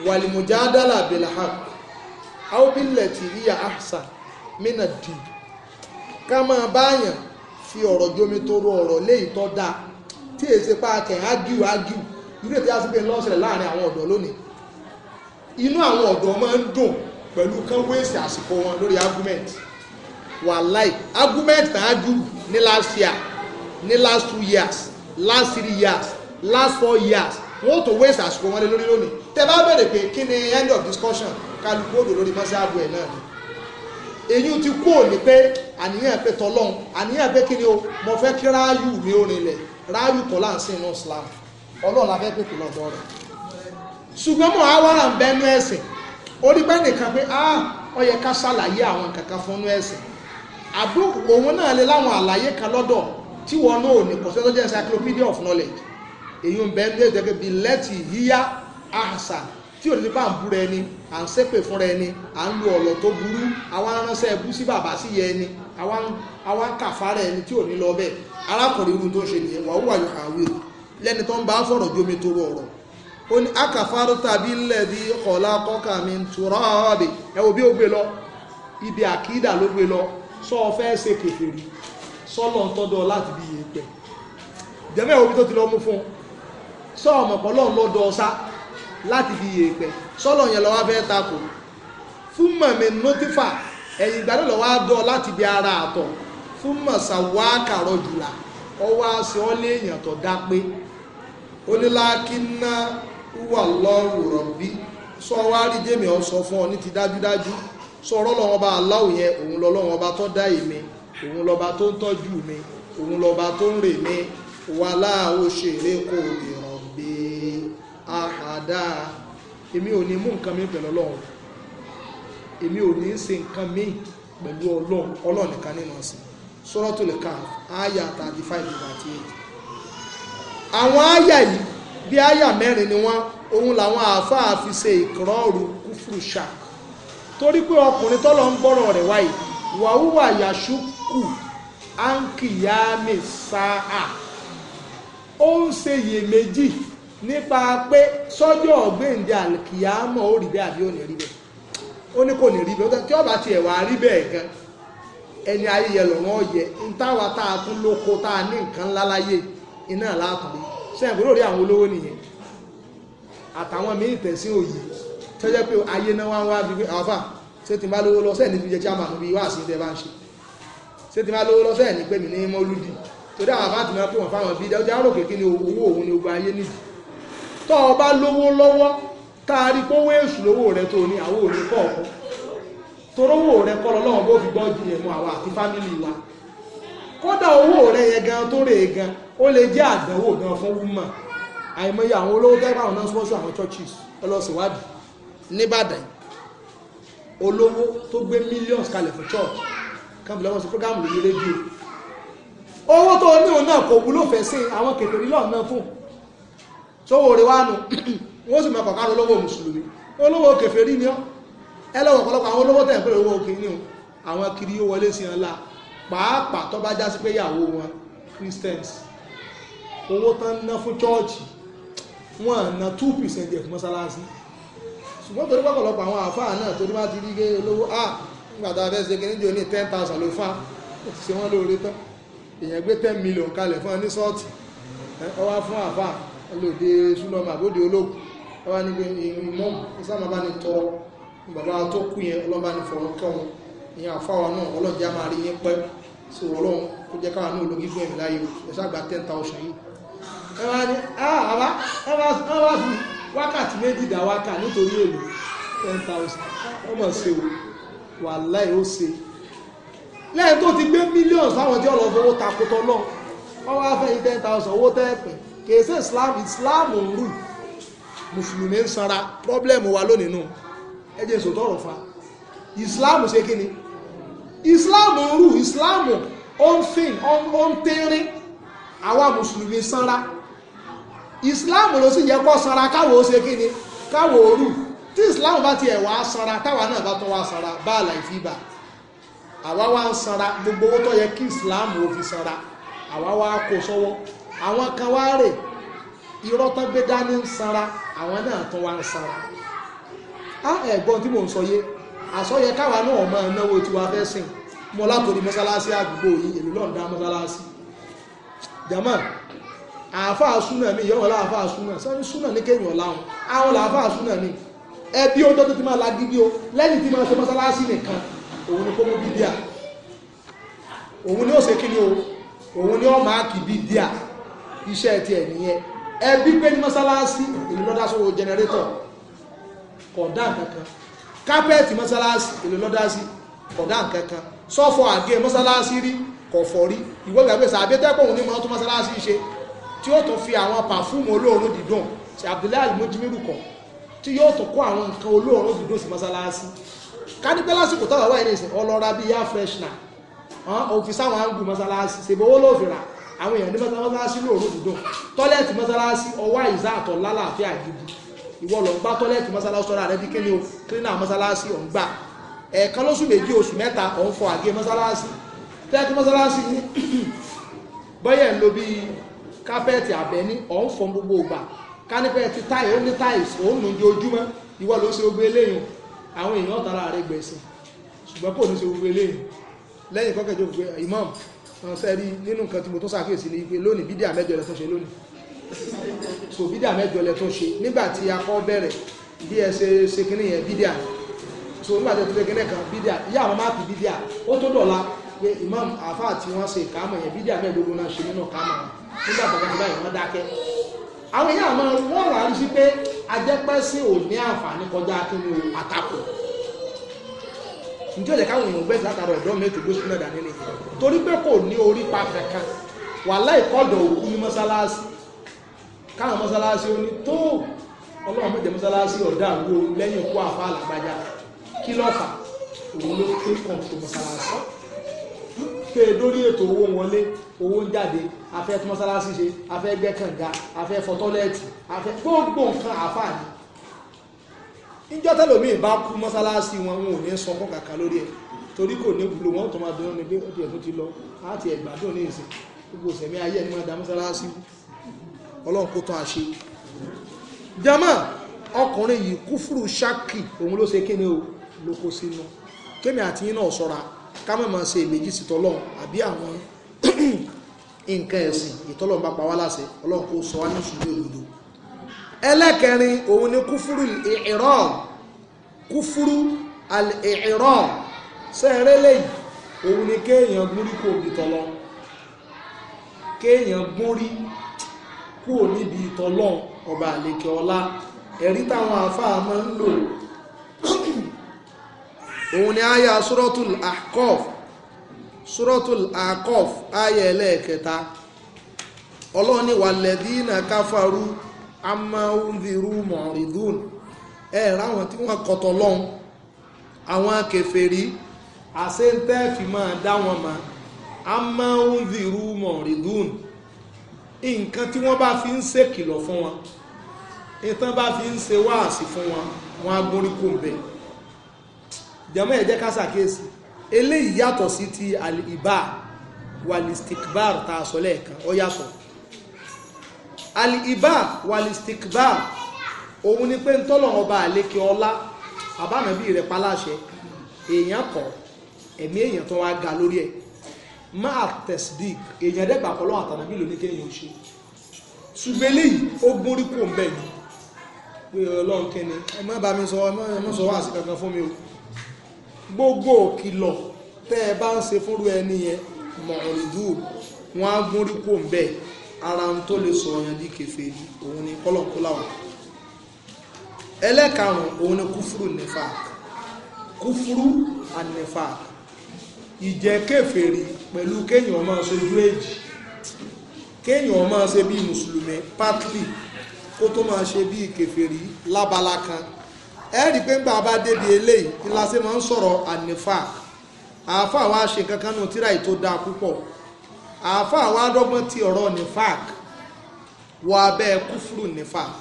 wàlìmọ̀jádàlà bilhaq áwòbílẹ̀ tìríyà àṣà mínà dì ká máa báyàn fi ọ̀rọ̀ jómi tó rọ ọ̀rọ̀ léyìí tó dáa tí èyí ṣe pa akẹ́ ágìw ágìw irú ètò yàtọ̀ pé lọ́sẹ̀rẹ̀ láàrin àwọn ọ̀dọ́ lónìí inú àwọn ọ̀dọ́ máa ń dùn pẹ̀lú kán wéèsì àsìkò wọn lórí argument wàláì argument kan ágìw ní last year ní last two years last three years last four years wọn ò tó wéèsì àsìkò wọn lé lórí lónìí tẹ bá bẹ̀rẹ̀ pé kí ni end of discussion kálukú odò lórí mọ́sáàbù ẹ̀ náà ni èyí ti kú òní pé àníyàn pé tọlọ́hún àníyàn pé kí ni o mo fẹ́ kí ráàyù mi ò rinlẹ̀ ráàyù kọ́ là ń sìn inú Islam ọlọ́run afẹ́ pèpè lọ́dọ̀ rẹ̀ ṣùgbọ́n mo àwárà ń bẹ́nu ẹ̀sìn onígbà nìkan pé ah ó yẹ ká ṣàlàyé àwọn kankan fún inú ẹ̀sìn àbú òun náà lè láwọn àlàyé kan lọ́dọ̀ tí wọn náà ò ní kọ̀ṣẹ́ tó jẹ́ encyclopedia of knowledge èyí ń bẹ́nu ẹ̀sìn gẹ́gẹ́ bíi lẹ́tì yíyá àṣà tí ò ní bá ń búra ẹni à ń ṣépè fúnra ẹni à ń lo ọ̀rọ̀ tó burú àwa ń ránṣẹ́ ẹbú sí bàbá sí yẹ ẹni àwa ń kàfárẹ̀ ẹni tí ò ní lọ bẹ́ẹ̀ arákùnrin irun tó ń ṣe nìyẹn wàá wà yóò hàwé lẹ́ni tó ń bá fọ̀rọ̀ jómi toro ọ̀rọ̀ ó ní akàfáró tàbí lẹ́ẹ̀dí kọ̀ọ̀lá kọ́kà mi ń turọ́ ọ̀bẹ̀ ẹ wo bí ó gbé lọ ibi àkídà ló gbé lọ sọ ọ fẹ́ ṣe kèfèrí sọ́lọ̀ ń tọ́dọ̀ láti bí iye pẹ̀ jẹ́mẹ́ omi tó ti lọ fún sọ ọmọ pọ̀ lọ́n lọ́dọ̀ ọ̀sá láti fi yè pẹ́ sọ́lọ̀ yẹn lọ́wọ́ fẹ́ takò fún mọ̀mí notifa ẹ̀yìn ìgbàlẹ̀ lọ́wọ́ dọ́ láti bí ara àtọ̀ fún mọ̀sà wá kàrọ̀ jùlá ọwọ́ àṣẹ ọ́ léèyàn tó dá pé ó ní lákínná wà lọ́rùn rọ̀bí sọ wá rí jẹ́mi ọ sọ fún ọ ní ti dájúdájú sọ ọ̀rọ̀ lọ́wọ́ bá aláwọ̀ yẹn òun lọ́lọ́wọ́ bá tọ́ dá èmi òun lọ́ba tó ń tọ́jú mi òun lọ́ba tó ń rè mí wà láàá ó kò lè rọ̀bí dáadáa èmi ò ní mú nǹkan mi pẹ̀lú ọlọ́run èmi ò ní ṣe nǹkan mi pẹ̀lú ọlọ́run ọlọ́run nìkan nínú ọ̀sìn Suratul ka àyà thirty five thirty eight àwọn àyà yìí bí àyà mẹ́rin ni wọ́n òun làwọn àáfàá fi ṣe ìkọ́rọ̀ọ̀rù kúfùrù torí pé ọkùnrin tọ́lọ̀ ń gbọ́rọ̀ rẹ̀ wáyé wàhúwà yàṣùkù áńkìyámi ó ń iyèméjì nípa pé sọ́jọ́ ọ̀gbẹ́ǹde àlùkìyàmọ̀ ó rí bẹ́ẹ̀ àbí ó ní rí bẹ́ẹ̀ ó ní kò ní rí bẹ́ẹ̀ tí ọba tiẹ̀ wá rí bẹ́ẹ̀ gan ẹni ayé yẹ lọ́wọ́ yẹ ntáwa tá a tún lóko tá a ní nǹkan ńlá láyé iná látàrí sẹ́yìn kò lórí àwọn olówó nìyẹn àtàwọn míì tẹ̀sí òye tọ́jọ́ pé ayé náà wá ń wá bí pé àwọn fà ṣé ti máa lówó lọ sẹ́yìn níbi jẹ́ chairman bí wá sí ìdẹ́bà ń ṣe ṣé ti máa lówó lọ sẹ́yìn ní pé ní mọ́lúdì torí àwọn fà ti máa pè wọ́n fáwọn bí dájọ́ àròkè kí ni owó òun ni ogun ayé nìyí tọ́ ọba bá lówó lọ́wọ́ táàrí pówó èṣù lówó rẹ tó ní àwọn òní re torówó rẹ kọ́ lọ́wọ́ bó fi gbọ́jú ẹ̀mú àwọn àti fámìlì wa kódà owó rẹ re gan tó rè gan ó lè jẹ́ àdánwò gan fún wúmà àìmọye àwọn olówó gẹ́gbà àwọn sponsor àwọn churches ọlọ́sìwádìí nìbàdàn olówó tó gbé millions kalẹ̀ fún church program lórí rédíò owó tó ní òun náà kò wúlò fẹ́ sí àwọn lọ́ọ̀ náà sówó wọ́n sì mọ̀kọ̀ káàrọ̀ olówó mùsùlùmí olówó kẹfẹ́ ni ọ́ ẹlẹ́wọ̀n ọ̀pọ̀lọpọ̀ àwọn olówó tẹ̀ owó òkè ní o àwọn kiri yóò wọlé sí ńlá pàápàá tó bá jásí pé yàwó wọn Christians owó tán ná fún chọ́ọ̀chì wọn ná mọ́sálásí ṣùgbọ́n torí àwọn àfáà náà torí ti rí ah, a ní ló ó ti ṣe wọ́n lóore tán èèyàn gbé million kalẹ̀ fún lòdì súnlọ́mà àbódì olóògùn ọba ní ìmọ̀ ìsáàmà bá ní tọrọ bàbá tó kú yẹn ọlọ́bá ní fọ̀rọ̀ kẹwọn ìyẹn àfáwà náà ọlọ́jà máa rí yẹn pẹ́ sí ọlọ́run kó jẹ́ káwà náà ológi fún ẹ̀mí láyé ẹ̀sàgbà 10,000 yìí ẹ wá ní àbá ẹ wá fi wákàtí méjì dá wákà nítorí èlò 10,000 ọmọ ṣe o wà láì ó ṣe lẹ́yìn tó ti gbé mílíọ̀nù sáwọn tí ọlọ́fọwọ́ takotọ́ náà wọ́n wá fẹ́ 10,000 owó tẹ́ẹ̀pẹ̀ kìí ṣe islam islam ń rù mùsùlùmí ń sanra problem wa lónìí nù ẹ jẹ́ sọ tọrọ fa islam ṣe kí ni islam ń rù islam ó ń fin ó ń tínrín àwa mùsùlùmí sanra islam ló sì yẹ kó sanra káwọ ó ṣe kí ni káwọ ó rù tí islam bá tiẹ̀ wá sanra táwa náà bá tún wá sanra báàlà ìfibà àwa wá ń sanra gbogbo owó tó yẹ kí islam ó fi sanra àwa wá kó sọ́wọ́. So àwọn kan wá rè irọ́ tán gbé dání ń sanra àwọn náà tún wá ń sanra á ẹ̀gbọ́n tí mò ń sọ yé àsọyẹ káwa náà máa náwó tí wàá fẹ́ sìn mọ́ látòrí mọ́sálásí àdúgbò yìí èlò náà dá mọ́sálásí jama àáfàá súnà mi yọ̀wọ̀ láàfàá súnà sẹ́ni súnà ní kéèyàn láwọn àwọn làáfàá súnà mi ẹbí ó dọ́tọ́ tí máa lagídí o lẹ́yìn tí máa ṣe mọ́sálásí nìkan òun ni kó bíbíà òun ni ó ṣe kí ni o òun ni ó máa kì bíbíà iṣẹ́ ti ẹ̀ nìyẹn ẹbí pé ní mọ́sálásí ìlú lọ́dá sówó jẹnẹrétọ̀ kọ̀dá nǹkankan kápẹ́ẹ̀tì mọ́sálásí ìlú lọ́dá sí kọ̀dá nǹkankan sọ́fọ̀ àgé mọ́sálásí rí kọ̀fọ̀ rí ìwé gbàgbé sàbẹ́tẹ́kùn ní mọ́tò mọ́sálásí ṣe tí ó tún fi àwọn pàfúùmù olóòórùn dídùn ṣe Abdullahi mojimiru kan tí yóò tún kó àwọn nǹkan olóòórùn dídùn sí mọ́sálásí kánípẹ́ lásìkò táwọn wáyé ní ìsìn ọlọ́ra bíi yá freshener ọ̀hún òfin sáwọn àǹgù mọ́sálásí ṣèbówó lóòfin rà àwọn èèyàn ní mọ́sálásí lóòrò dùdùn tọ́lẹ̀tì mọ́sálásí ọwọ́ àìsá àtọ̀ lálàáfíà gidi ìwọ lọ gbá tọ́lẹ̀tì mọ́sálásí tọ́lá rẹ bí kíni o kílínà mọ́sálásí ọ̀ ń gbà ẹ̀ẹ̀kan lóṣù méjì oṣù mẹ́ta ọ̀ ń fọ àgé mọ́sálásí tẹ́ẹ̀tì mọ́sálásí ní [clears throat] bọ́yẹ̀ ń lo bí kápẹ́ẹ̀tì àbẹ́ní ọ̀ ń fọ gbogbo ògbà kánípẹ́ẹ̀tì táì ó ní táì òun nù di ojúmọ́ ìwọ ló ṣe gbogbo eléyìn àwọn èèyàn ọ̀tara rẹ gbẹ̀sìn ṣùgbọ́n kò ní ṣe gbogbo eléyìn lẹ́yìn kọ́kẹ́jọ́ gbogbo imam sẹ́rí nínú nǹkan tí mo tún sàkíyèsí ní pé lónìí bídíà mẹ́jọ lẹ tún ṣe lónìí so bídíà mẹ́jọ lẹ tún ṣe nígbà tí a kọ́ bẹ̀rẹ̀ bí ẹ ṣe ṣe kíní yẹn bídíà so nígbà tí ẹ tún ṣe kíní kan bídíà ìyá àwọn máàpì bídíà ó tó dọ̀la pé imam afa àti wọn ṣe kàmọ̀ yẹn bídíà mẹ́ẹ̀ẹ́dógún náà ṣe nínú kàmọ̀ nígbà tó kọjá báyìí wọ́n dákẹ́ àwọn ìyá àwọn wọn rà á sí pé ajẹ́pẹ́sìn ò ní àǹfààní kọjá kí ni àtakò ǹjẹ́ ọ̀jẹ̀ káwọn èèyàn gbẹ̀sì látara ẹ̀dọ́ mẹ́tò gbóṣù náà dání ni torí pé kò ní orí pa kankan wàláì kọ́dọ̀ òkú ní mọ́sálásí káwọn mọ́sálásí ó ní tó ọlọ́run mẹ́jẹ mọ́sálásí ọ̀dá àgbo lẹ́yìn òkú àfa àlàgbájá kí lọ́fà òun ló pé kàn tó mọ́sálásí pé lórí ètò owó wọlé owó ń jáde afẹ́ mọ́sálásí ṣe afẹ́ gbẹ́kànga afẹ́ fọtọ́lẹ́ẹ̀tì afẹ́ gbogbo nǹkan àfáàní níjọ́ tẹ́lòmíì bá kú mọ́sálásí wọn wọn ò ní sọ fún kàkà lórí ẹ̀ torí kò ní wúlò wọn tó máa dùn ní pé ọdí ẹ̀fún ti lọ láti ẹ̀gbádùn ní ìsìn gbogbo ìsẹ̀mí ayé ẹni máa dá mọ́sálásí ọlọ́run kó tán àṣe jama ọkùnrin yìí kúfùrù ṣákì òun ló ṣe kíni o ló kó sínú kémi àti yín náà ká má máa èméjì sí tọ́lọ́run àbí àwọn [clears throat] nǹkan ẹ̀sìn ìtọ́lọ́run bá pa wá láṣẹ ọlọ́run kó sọ wá ní sùúrù òdodo ẹlẹ́kẹrin òun ni kúfúrú ìrọ̀m kúfúrú ìrọ̀m sẹ́ẹ̀rẹ́ lẹ́yìn òun ni kéèyàn gúnrí kò bí tọ́lọ́ kéèyàn gúnrí kò níbi tọ́lọ́ ọba àlekè ọlá ẹ̀rí táwọn àfáà máa ń lò òun ni àyà suratul ahqaf suratul ahqaf àyà ẹlẹ́ẹ̀kẹta ọlọ́ni wàlẹ́dínà káfàrú amáhùnvirú mọ̀rìndún ẹ ráwọn tí wọ́n kọ̀tọ̀ lọ́hùn àwọn kèfèrí àṣẹ́ntẹ́ẹ̀fì máa dá wọn mọ̀ amáhùnvirú mọ̀rìndún nǹkan tí wọ́n bá fi ń ṣèkìlọ̀ fún wọn ìtàn bá fi ń ṣe wáàsí fún wọn wọn agbórí kò bẹ̀ jẹ́mọ́ ẹ̀jẹ́ ká ṣàkíyèsí eléyìí yàtọ̀ sí ti àlìbá wàlìstikbar tá a sọ lẹ́ẹ̀kan yàtọ̀ alìbá wàlìstìkbá òun ni pé ntọ́lọ̀ ọba àlékè ọlá àbánàbí rẹ̀ paláṣẹ èèyàn kọ̀ ẹ̀mí èèyàn tó wá ga lórí ẹ̀ máa tẹ̀sídìk èèyàn dẹ́gbà kọ́ lọ́wọ́ àtànàbí lóní kéèyàn ò ṣe ṣùgbọ́n eléyìí ó gbórí kò ń bẹ̀ ni pé ọlọ́run kíni ẹ má bá mi sọ ẹ má sọ wá sí kankan fún mi o gbogbo òkìlọ̀ tẹ́ ẹ bá ń ṣe fúnrú ẹni yẹn mọ̀ọ́rìndù wọn á gbórí kò ń bẹ̀ ni ara ń tó lè sọ ọyàn di kèfèrí òun ni kọlọkọ làwọn ẹlẹ́karùn òun ni kúfúrú nifak kúfúrú and nifak ìjẹ kèfèrí pẹ̀lú kéèyàn máa ṣojú èjì kéèyàn máa ṣe bí mùsùlùmí pátì kó tó máa ṣe bí kèfèrí lábala kan ẹ rí i pé ńgbà bá débi eléyìí ńlá ṣe máa ń sọ̀rọ̀ ànífà àáfà wa ṣe kankan nù tíra yìí tó dáa púpọ̀ àáfàá àwọn adọ́gbọ́n ti ọ̀rọ̀ nifak wọ abẹ́ kúfúrú nifak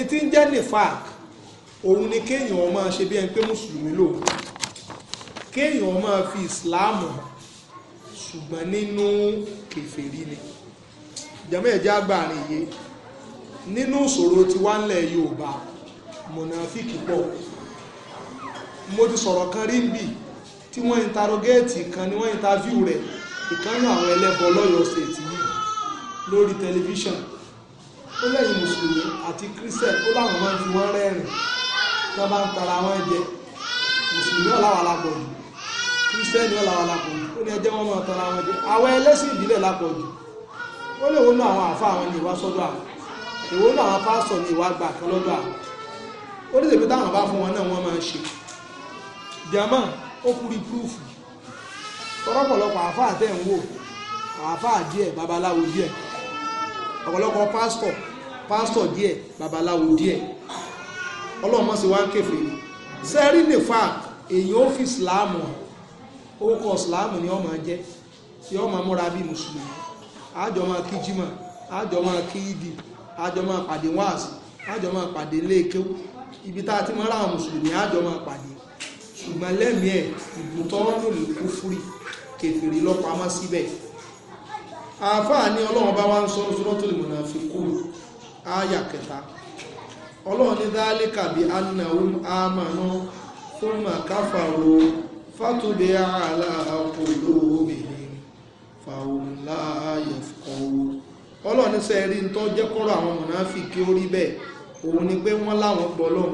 ìtí ń jẹ́ nifak òun ni kéèyàn ó máa ṣe bí ẹni pé mùsùlùmí lò kéèyàn ó máa fi ìsìláàmù ṣùgbọ́n nínú kèfèrí ni jàmọ́ ẹ̀jẹ̀ agbárin yìí nínú ìṣòro tí wà ńlẹ̀ Yorùbá mọ̀nàfíkì pọ̀ mo ti sọ̀rọ̀ kan rí ń tí wọ́n interrogate kan ni wọ́n interview rẹ̀ ìkánú àwọn ẹlẹ́bọ lọ́yọ̀ọ́ state yìí lórí tẹlifíṣàn ó lẹ́yìn mùsùlùmí àti christian ó láwọn máa ń fi wọ́n rẹ́rìn tó bá ń tara wọn jẹ mùsùlùmí ọ̀làwà lápọ̀ jù christian ọ̀làwà lápọ̀ jù ó ní ẹjẹ́ wọn máa tara wọn jẹ àwọn ẹlẹ́sìn ìbílẹ̀ lápọ̀ jù ó lè wọnú àwọn àfa àwọn ní ìwà sọ́dọ̀ àwọn èwo ní àwọn pásọ̀ ní ìwà gbà kan lọ́dọ̀ àwọn ó ní tèmi táwọn bá fún wọn náà wọ́n máa ń ṣe jama ó kúri púrúfù tọ́rọ́pọ̀lọpọ̀ àáfàá tẹ̀ ń wò àáfàá díẹ̀ babaláwo díẹ̀ ọ̀pọ̀lọpọ̀ pásítọ̀ pásítọ̀ díẹ̀ babaláwo díẹ̀ ọlọ́run mọ̀ sí wá ń kẹfẹ́ sẹ́rí nìfà èyí ó fi ìsìláàmù orúkọ ìsìláàmù ni ọmọ jẹ́ tí ọmọ múra bíi mùsùlùmí àjọ máa kí jimá àjọ máa kí ìdì àjọ máa pàdé wáàsì àjọ máa pàdé ilé kéwú ibi tá a ti mọ́ra àwọn mùsùlùmí àjọ máa pàdé ṣùgbọ́n lẹ́mìí ẹ̀ ìbùtọ́ lòlùkú fúri kèfèrí lọ́pamọ́ síbẹ̀ àáfàá ní ọlọ́run bá wá ń sọ Suratul Munafiqun áyà kẹta ọlọ́run ní dhalika bi ọlọ́run ní sẹ́ẹ̀rí ń tọ́ jẹ́ kọ́rọ̀ àwọn mùnáfìkí ó rí bẹ́ẹ̀ òun wọ́n láwọn gbọ́ ló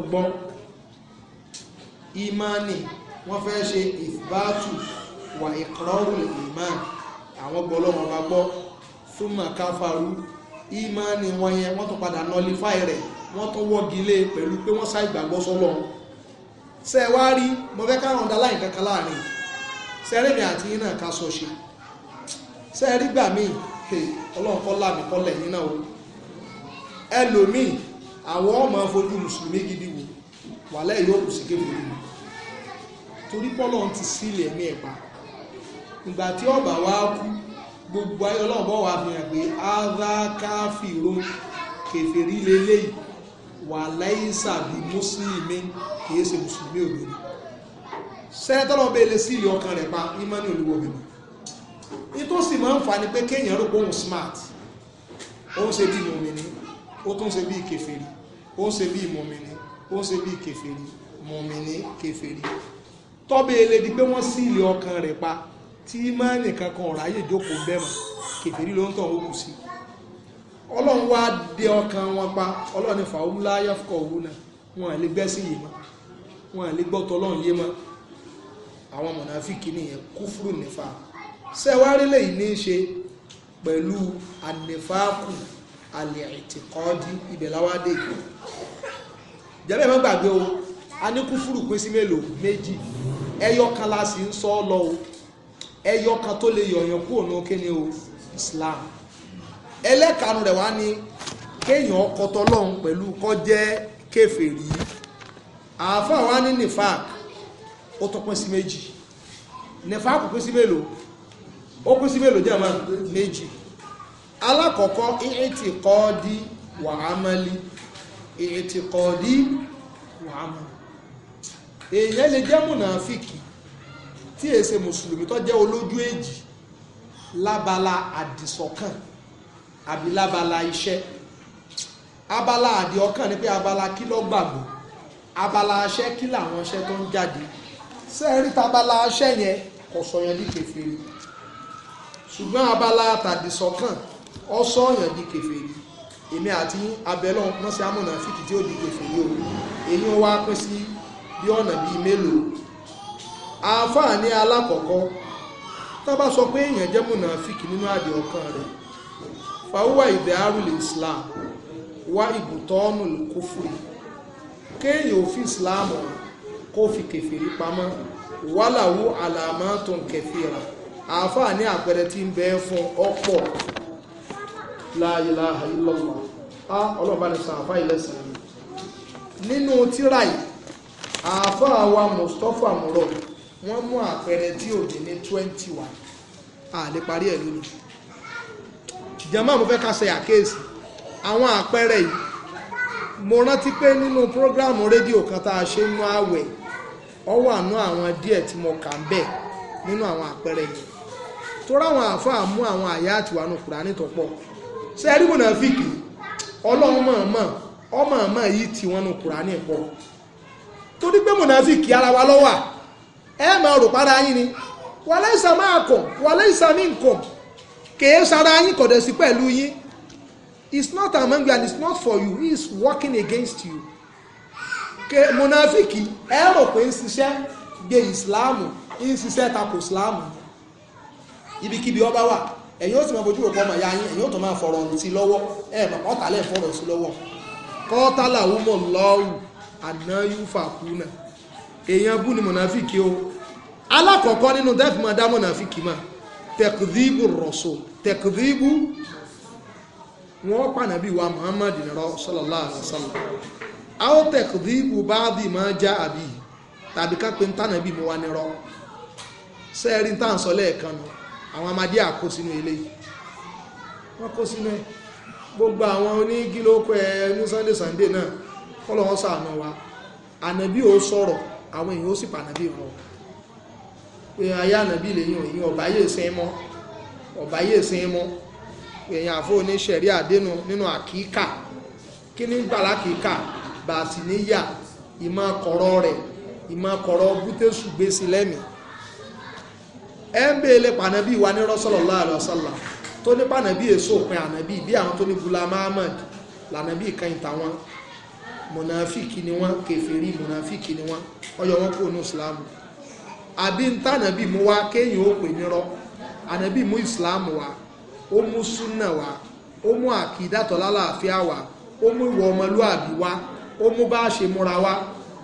wà ìkọ́rọ́rù ìmáà àwọn gbọ́ ọlọ́run ọba gbọ́ súnmọ́ káfàrú ìmáàni wọn yẹn wọ́n tún padà nọlífàì rẹ̀ wọ́n tún wọ́gi lé pẹ̀lú pé wọ́n sáì gbàgbọ́ sọ́lọ́run ṣe wá rí mo fẹ́ káwọn ọ̀dà láì kankan láàrin sẹ́rẹ́ mi àti yín náà ká sọ ṣe sẹ́rí gbà míì ọlọ́run kọ́ láàmì kọ́ lẹ́yìn náà o ẹlòmíì àwọn ọmọ fojú mùsùlùmí gidi wò wàlẹ́ yóò kù sí kébìrì torí pọ́lọ́run ti sílẹ̀ ẹ̀mí ẹ̀ pa ìgbà tí ọba wa kú gbogbo ayé ọlọ́run bọ́ wàá fi hàn pé adákáfìró kẹfẹ́rí lélẹ́yìí wà láìsà bí mùsùlùmí kìí ṣe mùsùlùmí òdodo sẹ́ńtọ́lọ́ bẹ́ẹ̀ lè sí ìlú ọkàn rẹ̀ pa imani olúwo bẹ̀rẹ̀ nítòsí máa ń fa ni pé kéèyàn rò pé òun smart ó ń ṣe bí mọ̀mìnì ó tún ṣe bí kẹfẹ́rí ó ń ṣe bí mọ̀mìnì ó ń ṣe bí kẹfẹ́rí mọ̀mìnì kẹfẹ́rí tọ́bẹ̀ẹ́lẹ́dí pé wọ́n sí ìlú ọkàn rẹ̀ pa tí ìmánì kankan ọ̀ráyè jókòó bẹ́ẹ̀ mọ̀ kèfèrí ló ń tàn òkú sí ọlọ́run wá dé ọkàn wọn pa ọlọ́run ní fàáwúlá yọ̀fọ̀ òwú náà wọn à lè gbẹ́sìn yìí mọ́ wọn à lè gbọ́tọ̀ ọlọ́run yé mọ́ àwọn mọ̀nàfíkì nìyẹn kúfúrú nífà sẹ́wárí lẹ́yìn ní í ṣe pẹ̀lú ànífàákù alẹ́ ìtìkọ́ọ́dí ibẹ̀ láwádé jẹ́bẹ̀ mọ́ gbàgbé o a ní kúfúrú pín sí mélòó méjì ẹyọ kan la ń sọ ọ lọ o ẹyọ tó lè yọ̀yàn kúrò ní kéne o Islam ẹlẹ́kanu rẹ̀ wá ní kéèyàn kọtọ lọ́hùn pẹ̀lú kọjẹ́ kèfèrí àáfàá wá ní nifak ó tó sí méjì nifak pín sí mélòó ó pín sí mélòó jẹ́ máa méjì alákọ̀ọ́kọ́ ìrètí kọ́ di wàhámẹ́lì kọ́ di wàhámẹ́lì èèyàn tí èyí ṣe mùsùlùmí tó jẹ́ olójú èjì lábala àdìsọ́kàn àbí lábala iṣẹ́ abala àdì ọkàn ni pé abala kí ló gbàgbọ́ abala aṣẹ́ kí làwọn aṣẹ́ tó ń jáde sẹ́ẹ̀rí tabala aṣẹ́ yẹn kò sọyàn di kèfèrí ṣùgbọ́n abala àtàdìsọ́kàn ọ sọyàn di kèfèrí èmi àti abẹ́lọ́ mọ́sí amọ̀nà fìkì tí ó di kèfèrí o èyí wá pín sí bí ọ̀nà bíi mélòó àǹfààní alákọ̀ọ́kọ́ tá a bá sọ pé èèyàn jẹ́ mùnàfíkì nínú àdì ọkàn rẹ̀ fàwúwà ìdẹ́rù lè islam wá ìbùtọ́ọ̀nù kúfùrì kéèyàn ò fi islam kó fi kẹfìrí pamọ́ wàláwú àlàmọ́ tó ń kẹfìrà àǹfààní àpẹẹrẹ tí ń bẹ fún ọ̀pọ̀ la ilaha illallah á ọlọ́ọ̀bá ní sàǹfà ìlẹ́sìn nínú tíráì àáfàá wa mustapha murad wọ́n mú àpẹẹrẹ tí ò dín ní twenty one a lè parí ẹ̀ lónìí jẹ́mọ́ mo fẹ́ ká ṣe àkéèsì àwọn àpẹẹrẹ yìí mo rántí pé nínú prógráàmù rédíò kan tá a ṣe nú ààwẹ̀ ọ wà nú àwọn díẹ̀ tí mo kà ń bẹ̀ nínú àwọn àpẹẹrẹ yìí tó ráwọn àáfàá mú àwọn àyá àtiwá nù Kùránì tó pọ̀ ṣe é rí mùnàfíìkì ọlọ́run mọ̀ọ́mọ̀ ọmọọ̀mọ̀ yìí tí wọ́n nù Kùránì pọ̀ torí pé mùnàfíìkì ara wa lọ́wọ́ ẹ máa rò para yín ni wàlẹ́ ìsàmá àkọ̀ wàlẹ́ ìsàmí nǹkan kèé sara yín kọ̀dẹ̀ sí pẹ̀lú yín it's not among you and it's not for you he working against you ke munafiki ẹ rò pé ń ṣiṣẹ́ gbé ìsìláàmù ń ṣiṣẹ́ takò ìsìláàmù ibikíbi ọba wà ẹ̀yin ó sì máa fojú òpó ọmọ ìyá yín ẹ̀yin ó tún máa fọ̀rọ̀ sí lọ́wọ́ ẹ̀ ọ̀tàlẹ̀ fọ̀rọ̀ sí lọ́wọ́ kọ́tàlà wúmọ̀ lọ́rùn àná yúfà kú náà èèyàn bú ni mọ̀nàfíkì o alákọ̀ọ́kọ́ nínú dẹ́fìmọ̀ dá mọ̀nàfíkì mà tẹ̀kìdìbù rọ̀ṣọ̀ tẹ̀kìdìbù wọn pànàbí wa Muhammad àwọn tẹ̀kìdìbù bá máa já àbí tàbí ká pé ntànàbí mo wá nírọ́ sẹ́ẹ̀rí sọ lẹ́ẹ̀kan àwọn amadé àkó sínú ilé wọ́n kó gbogbo àwọn ẹ̀ ní Sunday Sunday náà wa ànàbí ò àwọn èèyàn ó sì pànàbí wọn pé ayé ànàbí lèyìn èyí ọ̀bá yìí sin mọ́ ọ̀bá yìí sin mọ́ èèyàn àfó ní sẹ̀rí àdénú nínú àkíkà kí ní gbàlá kíkà bá a sì níyà ìmọ̀ kọ̀rọ̀ rẹ̀ ìmọ̀ kọ̀rọ̀ bútẹ́sù gbé sí lẹ́mìí ẹ ń bèèlè pànàbí wa ní rọ́sọ̀lọ́lá àlọ́sọ̀lá tó ní pànàbí èso òpin ànàbí bí àwọn tó ní gula mahamad lànàbí kan ìtàwọn mọ̀nàfíkì ni wọ́n kèfèrí mọ̀nàfíkì ni wọ́n ọyọ wọn kò ní ìsìláàmù àbí ń tànàbí mú wá kéèyàn ó pè nírọ́ ànàbí mú ìsìláàmù wá ó mú súnà wá ó mú àkìdátọ̀ lálàáfíà wá ó mú ìwọ ọmọlúàbí wá ó mú bá a ṣe múra wá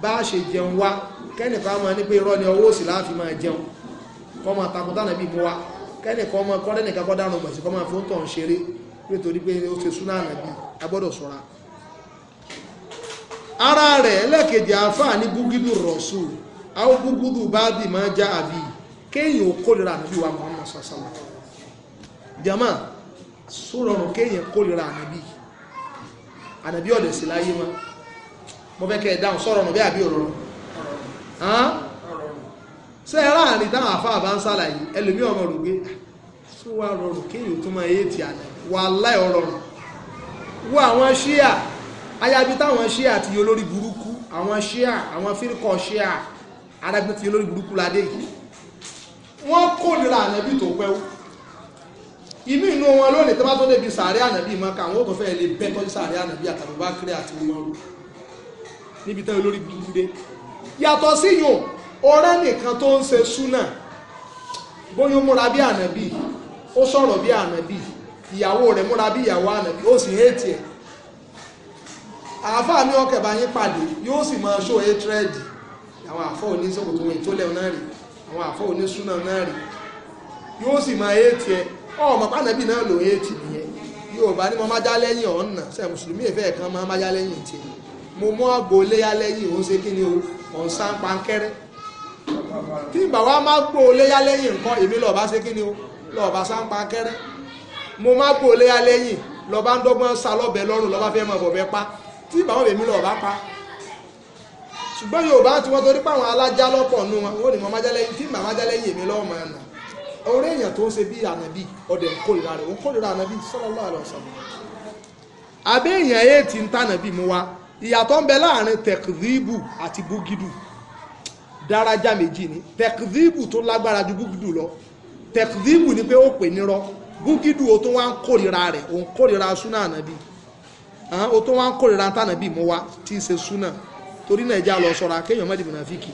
bá a ṣe jẹun wá kẹ́nìkan máa ní pé irọ́ ni ọwọ́ òsì láàfi máa jẹun kọ́ máa takùn tànàbí mú wá kẹ́nìkan máa kọ́ lẹ́nìkan kọ́ dárun gbọ̀nsẹ̀ kọ́ máa fóńtọ̀ ara rẹ̀ ẹlẹ́kejì àáfàá ní búgídù rọ̀ṣù àwọn búgídù bá bì máa já àbí kéèyàn ò kólera ànábì wa Muhammad sàṣàlá jama sórọrùn kéèyàn kólera ànábì ànábì ọ̀dẹ̀ sí láyé wọn mo fẹ́ kẹ́ ẹ̀ dáhùn sọ̀rọ̀rùn bí àbí òrọ̀rùn ṣe ẹ láàrin táwọn àfáà bá ń sàlàyé ẹlòmí ọmọ rò pé tó ah, wà rọrùn kéèyàn tó máa yé ti àná wà láì àwọn ṣíà ayabi táwọn ṣíà ti yọ lórí burúkú àwọn ṣíà àwọn fírikọ ṣíà adágbé ti yọ lórí burúkú ládé yìí wọ́n kò nira ànábì tó pẹ́wú inú inú wọn lónìí tó bá tó débi sàárẹ́ ànábì mọ́ka àwọn òkò fẹ́ẹ̀ lè bẹ́tọ́ sí sàárẹ́ ànábì àtàbùbá kiri àti umaru níbi tẹ́ olórí burúkú dé yàtọ̀ sí yùn ọ̀rẹ́ nìkan tó ń ṣe súnà bóyún múra bí ànábì ó sọ̀rọ̀ bí ànábì ìyàwó rẹ̀ múra bí ìyàwó ànábì ó sì hẹ́ẹ̀tì ẹ̀ àáfàá mi ọkẹ̀ bá yín pàdé yóò sì máa ṣó étrẹ́ẹ̀dì àwọn àfọ́ òní sọ́kòtò wọn tó lẹ́wọ̀n náà rè àwọn àfọ́ òní súnà náà rè yóò sì máa éètì ẹ ọmọ pànàbí náà lò éètì nìyẹn yóò bá ní mo má já lẹ́yìn ọ̀nà ṣe mùsùlùmí ìfẹ́ kan máa má já lẹ́yìn tì mo mú àgbo léyà lẹ́yìn òun ṣe kí ni o ọ̀n sá ń pankẹ́rẹ́ tí wa má gbó léyà lẹ́yìn nǹkan èmi lọ́ọ̀bá ṣe kí ni o lọ́ọ̀bá sá ń pankẹ́rẹ́ mo má gbó léyà lẹ́yìn lọ́ọ̀bá ń dọ́gbọ́n sa lọ́bẹ̀ lọ́rùn lọ́ọ̀bá fẹ́ mọ̀ bọ̀bẹ̀ pa tí ìbáwọ̀ lèmi lọ bá pa ṣùgbọ́n yorùbá tí wọ́n torí páwọn alájá lọ́pọ̀ nù wọn wọ́n ní mo májá lẹ́yìn tí mà májá lẹ́yìn èmi lọ́wọ́ máa nà orí èèyàn tó ń ṣe bí ànàbì ọ̀dẹ̀ ń kórìíra rẹ̀ ń kórìíra ànàbì sallallahu alaihi wasallam abẹ́ èèyàn ayé ti ń tànàbì mú wa ìyàtọ̀ ń bẹ láàrin tẹkìdìbù àti búgídù dárájà méjì ni tẹkìdìbù tó lágbára ju búgídù lọ tẹkìdìbù ni pé ó pè nírọ́ búgídù ó tó wá ń kórìíra rẹ̀ ó ń kórìíra súnà o tó wọn kórìíra tánà bíi mú wa tí í ṣe súnà torí náà ẹja lọ sọra kéèyàn mẹ́dìmù náà fìkì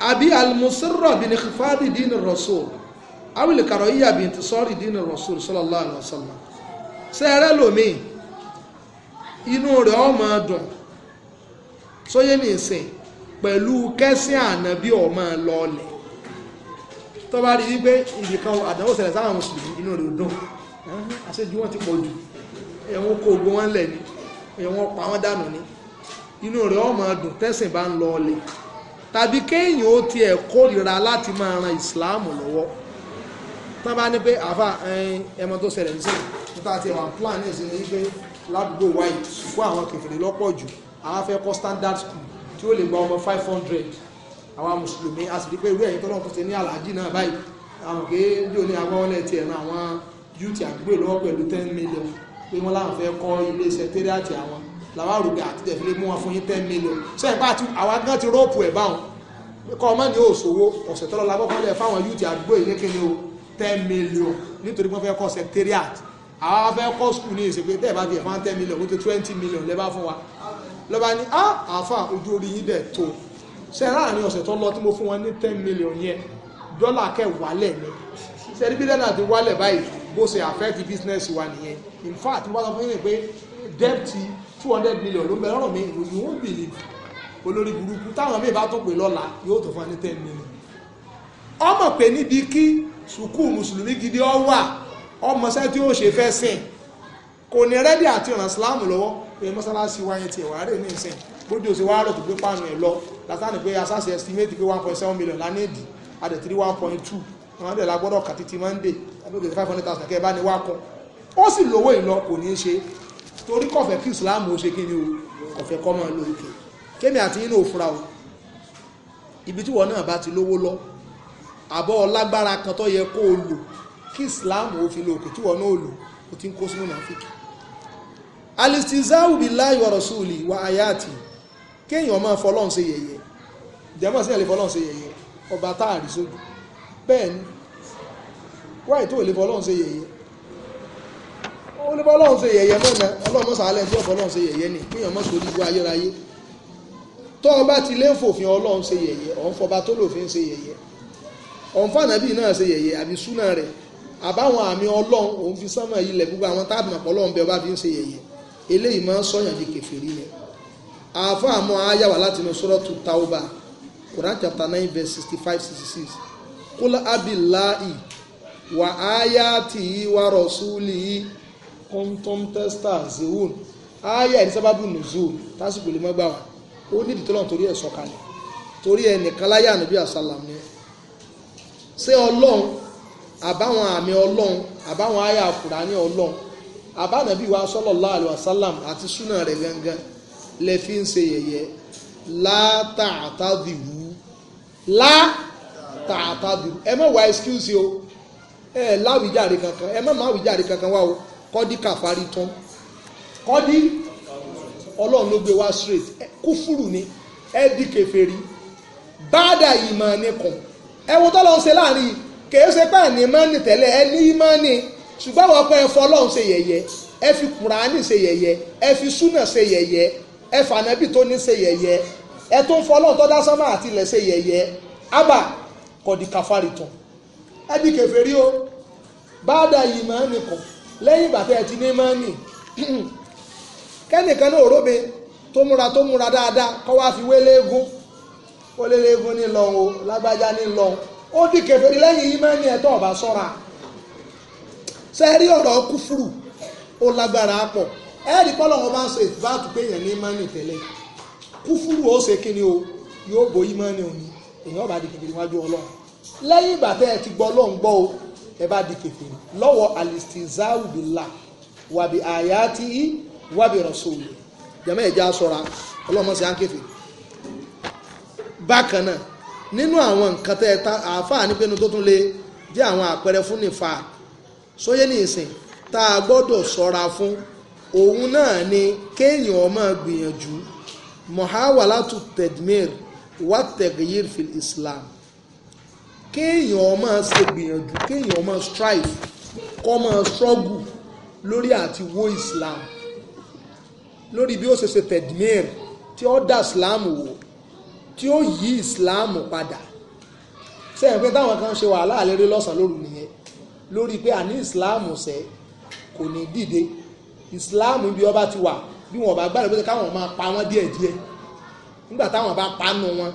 àbí alimusirọ bin khifadi dín rasul awìlì kàrọ̀ yíyà bin tisọ́rì dín rasul sallallahu alaihi wasallam sẹ́ẹ̀rẹ́ lòmíì inú rẹ̀ ọmọ dùn sóyè ní ìsìn pẹ̀lú kẹ́sìn ànábì ọmọ lọ́ọ̀lẹ̀ tó bá rí wípé ibìkan àdánwò ṣẹlẹ̀ sáwọn mùsùlùmí inú rẹ̀ dùn àṣejù wọn ti pọ̀ jù ẹ̀wọ̀n kó gbọ́n wọn lẹ̀ ni ẹ̀wọ̀n pa wọn dànù ni inú rẹ̀ ọmọ dùn tẹ̀sìn bá ń lọ ọlẹ̀ tàbí kéèyàn ó tiẹ̀ kórìíra láti máa ran ìsìláàmù lọ́wọ́ tán bá ní pé àfà ẹmọ tó ṣẹlẹ̀ ní sẹ́yìn níta ti wà plan ní ìsinmi ládùúgbò wáyé fún àwọn kèfèrè lọ́pọ̀ jù àwọn fẹ́ kọ́ standard school tí ó lè gba ọmọ five hundred àwọn mùsùlùmí a sì rí pé irú ẹ̀yìn tọ́lọ́run tó ṣe ní aláàjì náà báyìí àwọn kéèjò ní agbáwọlẹ̀ tiẹ̀ náà àwọn youth àdúgbò lọ́wọ́ pẹ̀lú ten million pé wọ́n láwọn fẹ́ kọ́ ilé sẹkítẹ́rìàtì àwọn làwọn àrùgbà àti tẹ̀fílẹ̀ mú wọn fún yín ten million sẹ́yìn pàtó àwọn akẹ́kọ̀ọ́ ti rọ́ọ̀pù ẹ̀ báwọn kọ́ ọmọ ní òṣòwò ọ̀sẹ̀ tọ́lọ́ la kọ́kọ́ lẹ̀ fáwọn yúùtì àdúgbò yìí lékele o ten million nítorí wọ́n fẹ́ kọ́ sẹkítẹ́rìàtì àwọn afẹ́ kọ́ skul ní ìsèpé tẹ́ẹ̀ bá tiẹ̀ fún ten million kó tó twenty million lẹ́ bá fún wa lọ́ba ní á àáfà ojú orí yín dẹ̀ tó ṣe láàrin ọ̀sẹ̀ tó lọ tí mo fún wọn ní ten million yẹn dọ́là kẹ́ wálẹ̀ ni ṣe ní bí dọ́là ti wálẹ̀ báyìí bó ṣe affect the business wa nìyẹn in fact mo bá sọ fún yín pé debt two hundred million ló ń bẹ lọ́rọ̀ mi you won't believe olórí burúkú táwọn míì bá tó pè lọ́la yóò tó fún ẹni ten million ọmọ pé níbi kí sùkúù mùsùlùmí gidi ọ wà ọmọọṣẹ́ tí ó ṣe fẹ́ sìn kò ní rẹ́dí àti ọ̀ràn síláàmù lọ́wọ́ pé mọ́sálásí wáyé tiẹ̀ wàá rè ní ìsìn bójú òsè wàá rò tó gbé páànù ẹ̀ lọ látàní pé asáṣe estimate pé one point seven million la ní èdè adẹ̀tìrí one point two àwọn ẹ̀dẹ̀ la gbọ́dọ̀ kà títí monday tàbí òkè five hundred thousand kẹ́ ẹ bá ní wá kan ó sì lówó ìlọ kò ní í ṣe torí kọ̀fẹ́ kí islam ó ṣe kí ni o kọ̀fẹ́ kọ́ máa lo òkè kémi àti yín náà fura o ibi tí wọn náà bá ti lówó lọ àbọ̀ lágbára kan tó yẹ kó o lò kí islam ó fi lo òkè tí wọn náà lò ó ti ń kó sínú nàfíkì alistizahu billahi wa rasuli wa ayati kéèyàn máa fọlọ́n ṣe yẹ̀yẹ́ jẹ́mọ̀ sí ẹ̀lẹ́ fọlọ́n ṣe ọba táàrí sójú bẹ́ẹ̀ ni wáyé tó lè fọlọ́run ṣe yẹ̀yẹ́ ó lè fọlọ́run ṣe yẹ̀yẹ́ mọ́nà ọlọ́mọ sàálẹ̀ tí ọ̀fọlọ́run ṣe yẹ̀yẹ́ ni pínyàn mọ́ sórí ibú ayérayé tó o bá ti lé fòfin ọlọ́run ṣe yẹ̀yẹ́ ọ̀n fọba tó lòfin ṣe yẹ̀yẹ́ ọ̀n fànàbí náà ṣe yẹ̀yẹ́ àbí súnà rẹ̀ àbáwọn àmì ọlọ́run òun fi sánmà ilẹ̀ gbogbo àwọn táàbù màpọ̀ ọlọ́run bẹ́ẹ̀ bá fi ń ṣe yẹ̀yẹ́ eléyìí máa ń sọ̀yàn di kèfèrí ni àáfàá àmọ́ ayáwá látinú sọ́rọ́tù Tauba Quran chapter nine verse sixty five sixty six kúlá abiláì wà áyá tì í wà rọ̀súlì í kọ́ńtọ́m tẹ́sítà zéwòn áyá ìdísábàbù nùzú tásìkò lè má gbà wá ó nídìí tó lọ́n torí ẹ̀ sọ̀kalẹ̀ torí ẹnìkan láyé ànábì àsálàm ni ṣé ọlọ́run àbáwọn àmì ọlọ́run àbáwọn àyà àkùránì ọlọ́run àbánàbí wa sallallahu alaihi wasallam àti súnà rẹ̀ gangan lè fi ń ṣe yẹ̀yẹ́ látàtàdìwú lá. La tààtàdù ẹ má wá excuse o ẹ láwìjáde kankan ẹ má má wìjáde kankan wá o kọ́dí kàfárí tán kọ́dí ọlọ́run ló gbé wá straight kúfúrù ni ẹ di kèfèrí báàdà ìmọ̀ nìkan ẹ wo tọ́lọ́ ń ṣe láàrin kèé ṣe pé àní mọ́nì tẹ́lẹ̀ ẹ ní mọ́nì ṣùgbọ́n àwọn ọkọ ẹ fọlọ́run ṣe yẹ̀yẹ́ ẹ fi kùránì ṣe yẹ̀yẹ́ ẹ fi súnà ṣe yẹ̀yẹ́ ẹ fànàbì tó ní ṣe yẹ̀yẹ́ ẹ tó ń fọlọ́run tó dá sánmà àti ṣe yẹ̀yẹ́ abba kọ̀dí káfárìtàn ẹ di kèfèrí o báàdà yìí máa ń nìkan lẹ́yìn ìgbà tẹ́ ẹ ti ní máa ń nì [clears throat] kẹ́nìkan náà òróbe tó múra tó múra dáadáa kọ́ wá fi wélé egun ó lélé egun ní lọ́n o lágbájá ní lọ́n ó di kèfèrí lẹ́yìn yìí máa ń ní ẹ̀tọ́ ọ̀bá sọ́ra sẹ́ẹ̀rí ọ̀rọ̀ kúfúrù ó lágbára pọ̀ ẹ̀ẹ́dì pọ́lọ̀ wọn bá ń ṣe ìfúbáàtù pé èèyàn ní máa ń nì kúfúrù ó ṣe kí o yóò bo ìmọ̀ ni òní èèyàn ọba di kèfèrí wájú ọlọ́run lẹ́yìn ìgbà tẹ́ ẹ ti gbọ́ ló ń gbọ́ o ẹ bá di kèfèrí lọ́wọ́ alistizahu billah wàbí ayatihi wàbí rasulihi jẹ́mọ́ ẹ̀já sọ́ra ọlọ́mọ sí àǹkẹ́fẹ́ bákan náà nínú àwọn nǹkan tẹ́ ẹ ta àáfàá ní pinnu tó tún lè jẹ́ àwọn àpẹẹrẹ fún nìfà sóyè ní ìsìn tá a gbọ́dọ̀ sọ́ra fún òun náà ni kéèyàn ọmọ gbìyànjú mọ̀háwálátù tẹ̀dmír wàtẹ̀gìyìr fil islam kéèyàn máa ṣe gbìyànjú kéèyàn máa strive kó máa struggle lórí àti wó Islam lórí bí ó ṣe ṣe tẹ̀dmír tí ó dá Islam wò tí ó yí Islam padà sẹ́yìn pé táwọn kan ṣe wàhálà àlérè lọ́sàn-án lóru nìyẹn lórí pé àní Islam ṣẹ́ kò ní dìde Islam bí ọba ti wà bí wọn bá gbàdúrà pé káwọn máa pa wọn díẹ̀díẹ̀ nígbà táwọn bá panu wọn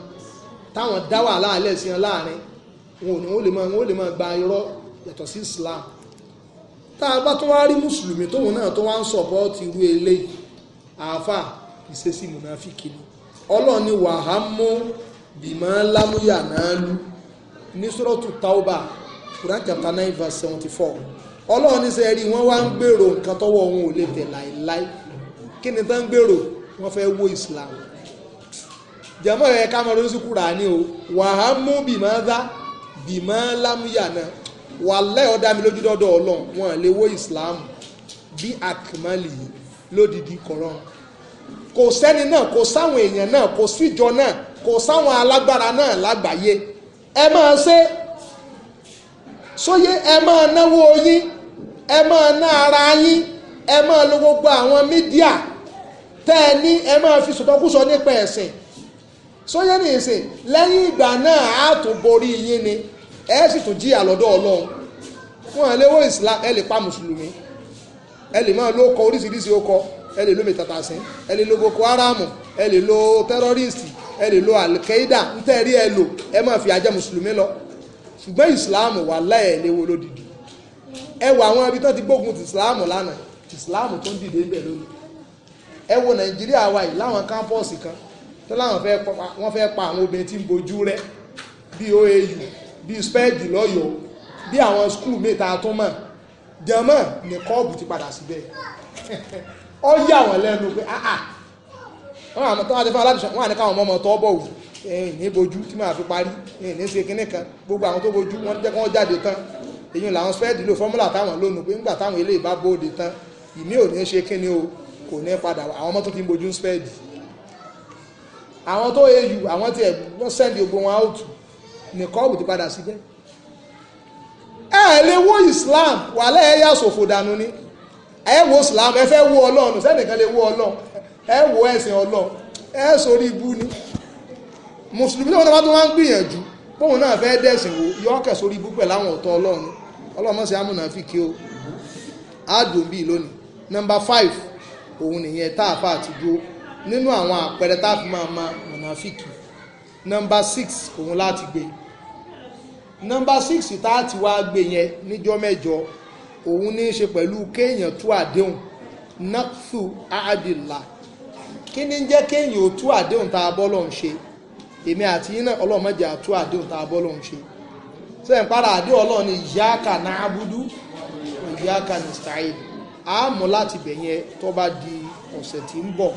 táwọn dá wàhálà àlẹ́ sí wọn láàrin wọn ò lè máa wọn ò lè máa gba irọ́ yàtọ̀ Islam taa bá tó wá rí mùsùlùmí tóun náà tó wá ń sọ̀pọ́ọ̀tì irú àáfà ìṣesí mùnàfíkì ni ọlọ́ọ̀ni wàhámú bìmọ̀ lámúyà náà lù ní sọ́rọ́tù tauba Quran chapter nine verse seventy four ọlọ́ọ̀ni rí wọ́n wá ń gbèrò nǹkan tọ́wọ́ wọn ò lè tẹ̀ láéláé kí ni tán ń gbèrò wọ́n fẹ́ o wàhámú bìmọ̀ dá bìmọ̀ lámúyà náà wàlẹ́ ọ̀dá mi lójú dọ́dọ̀ ọlọ́run wọn lè wo islam bí akimali lódìdí koran kò sẹ́ni náà kò sáwọn èèyàn náà kò síjọ náà kò sáwọn alágbára náà lágbàáyé ẹ máa ṣe sóyè ẹ máa náwó yín ẹ máa ná ara yín ẹ máa lo gbogbo àwọn mídíà tẹ́ ẹ ní ẹ máa fi sọ̀tọ́kùsọ nípa ẹ̀sìn sóyè nìyẹn sè lẹ́yìn ìgbà náà á tún borí yín ni. ẹ sì tún ji lọ́dọ̀ ọlọ́run wọn lè wọ islam ẹ lè pa mùsùlùmí ẹ lè máa ló kọ oríṣiríṣi okọ ẹ lè lo mẹtàtàsín ẹ lè lo boko haram ẹ lo tẹrọrìsì ẹ lo alkaida ntẹ̀rí ẹ lò ẹ máa fi ajá mùsùlùmí lọ ṣùgbọ́n islam wà láyé ẹ lódìdí ẹ wọ àwọn ibi tó ti gbógun ti islam lánàá islam tó ń dìde ń lónìí ẹ nàìjíríà wa yìí kan tó láwọn fẹ́ pa àwọn obìnrin tí ń bojú rẹ bíi oau bíi spẹ́ẹ̀dì lọ́yọ̀ọ́ bí àwọn skul mẹ́ta tó mọ̀ jẹ́mọ̀ ní kọ́ọ̀bù ti padà síbẹ̀ [laughs] ó yà wọ́n lẹ́nu pé áà ah, ah. wọ́n àmọ́ tó wá dé fún aládùsọ wọ́n àníkà àwọn ọmọ tó bọ̀ wù ẹ̀yìn ní bojú tí máa fi parí ẹ̀yìn ní ṣe kínní kan gbogbo àwọn tó bojú wọ́n jẹ́ kí wọ́n jáde tán èyí làwọn spẹ́ẹ̀dì lò fọ́múlà táwọn lónìí pé nígbà táwọn eléyìí bá bóde tán ìmí ò ní ṣe kínní o kò ní padà àwọn ọmọ tó ti ń bojú spẹ́ẹ̀dì àwọn tó au àwọn tiẹ̀ wọ́n sẹ́ndì gbogbo wọn áùtù nìkọ́ọ̀bù ti padà síbẹ̀ ẹ lè wo Islam wàhálà ẹ yà sòfò dànù ni ẹ wo Islam ẹ fẹ́ wo Ọlọ́run sẹ́nìkan lè wo Ọlọ́run ẹ wo ẹ̀sìn Ọlọ́run ẹ sórí ibú ni mùsùlùmí tó wọn tó wọn ń gbìyànjú bóun náà fẹ́ dẹ̀sìn wo yọ ọkẹ́ sórí ibú pẹ̀lú àwọn ọ̀tọ̀ Ọlọ́run Ọlọ́run mọ̀ amúnà fi kí o àádùn bíi lónìí nọ́mbà five òun nìyẹn tá a fà àti dúró nínú àwọn àpẹẹrẹ tá a fi máa ma mọ̀nàfíìkì nọ́mbà six òun láti gbé e nọ́mbà six tá a ti wá gbé yẹn níjọ́ mẹ́jọ òun ní í ṣe pẹ̀lú kéèyàn tú àdéhùn naqsu àdìlà kí ni ń jẹ́ kéèyàn ò tú àdéhùn tá a bọ́ lọ́n ṣe èmi àti yín náà ọlọ́run má jẹ́ á tú àdéhùn tá a bọ́ lọ́n ṣe sẹ́yìn para àdéhùn ọlọ́run ni iyyaka na'budu wa iyyaka nasta'in àmọ́ láti bẹ̀ yẹn tó bá di ọ̀sẹ̀ tí ń bọ̀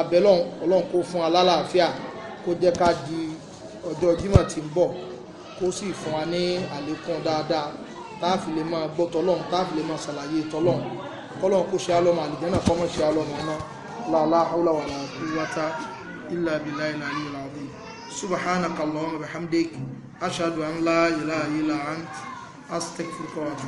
abẹ́lọ́n ọlọ́run kó fún alálàáfíà kó jẹ́ ká di ọjọ́ Jímọ̀ tí ń bọ̀ kó sì fún wa ní àlékún dáadáa tá a fi lè máa gbọ́ tọlọ́run tá a fi lè máa ṣàlàyé tọlọ́run kọlọ́run kó ṣe alọ́mọ àlìjẹ́nà kọ́mọ́ ṣe alọ́mọ ọ̀nà láàlá haúlà wàlà quwwata illa billahi al-aliyyil azim subhanaka allahumma bihamdik ashhadu an la ilaha illa ant astaghfiruka wa atubu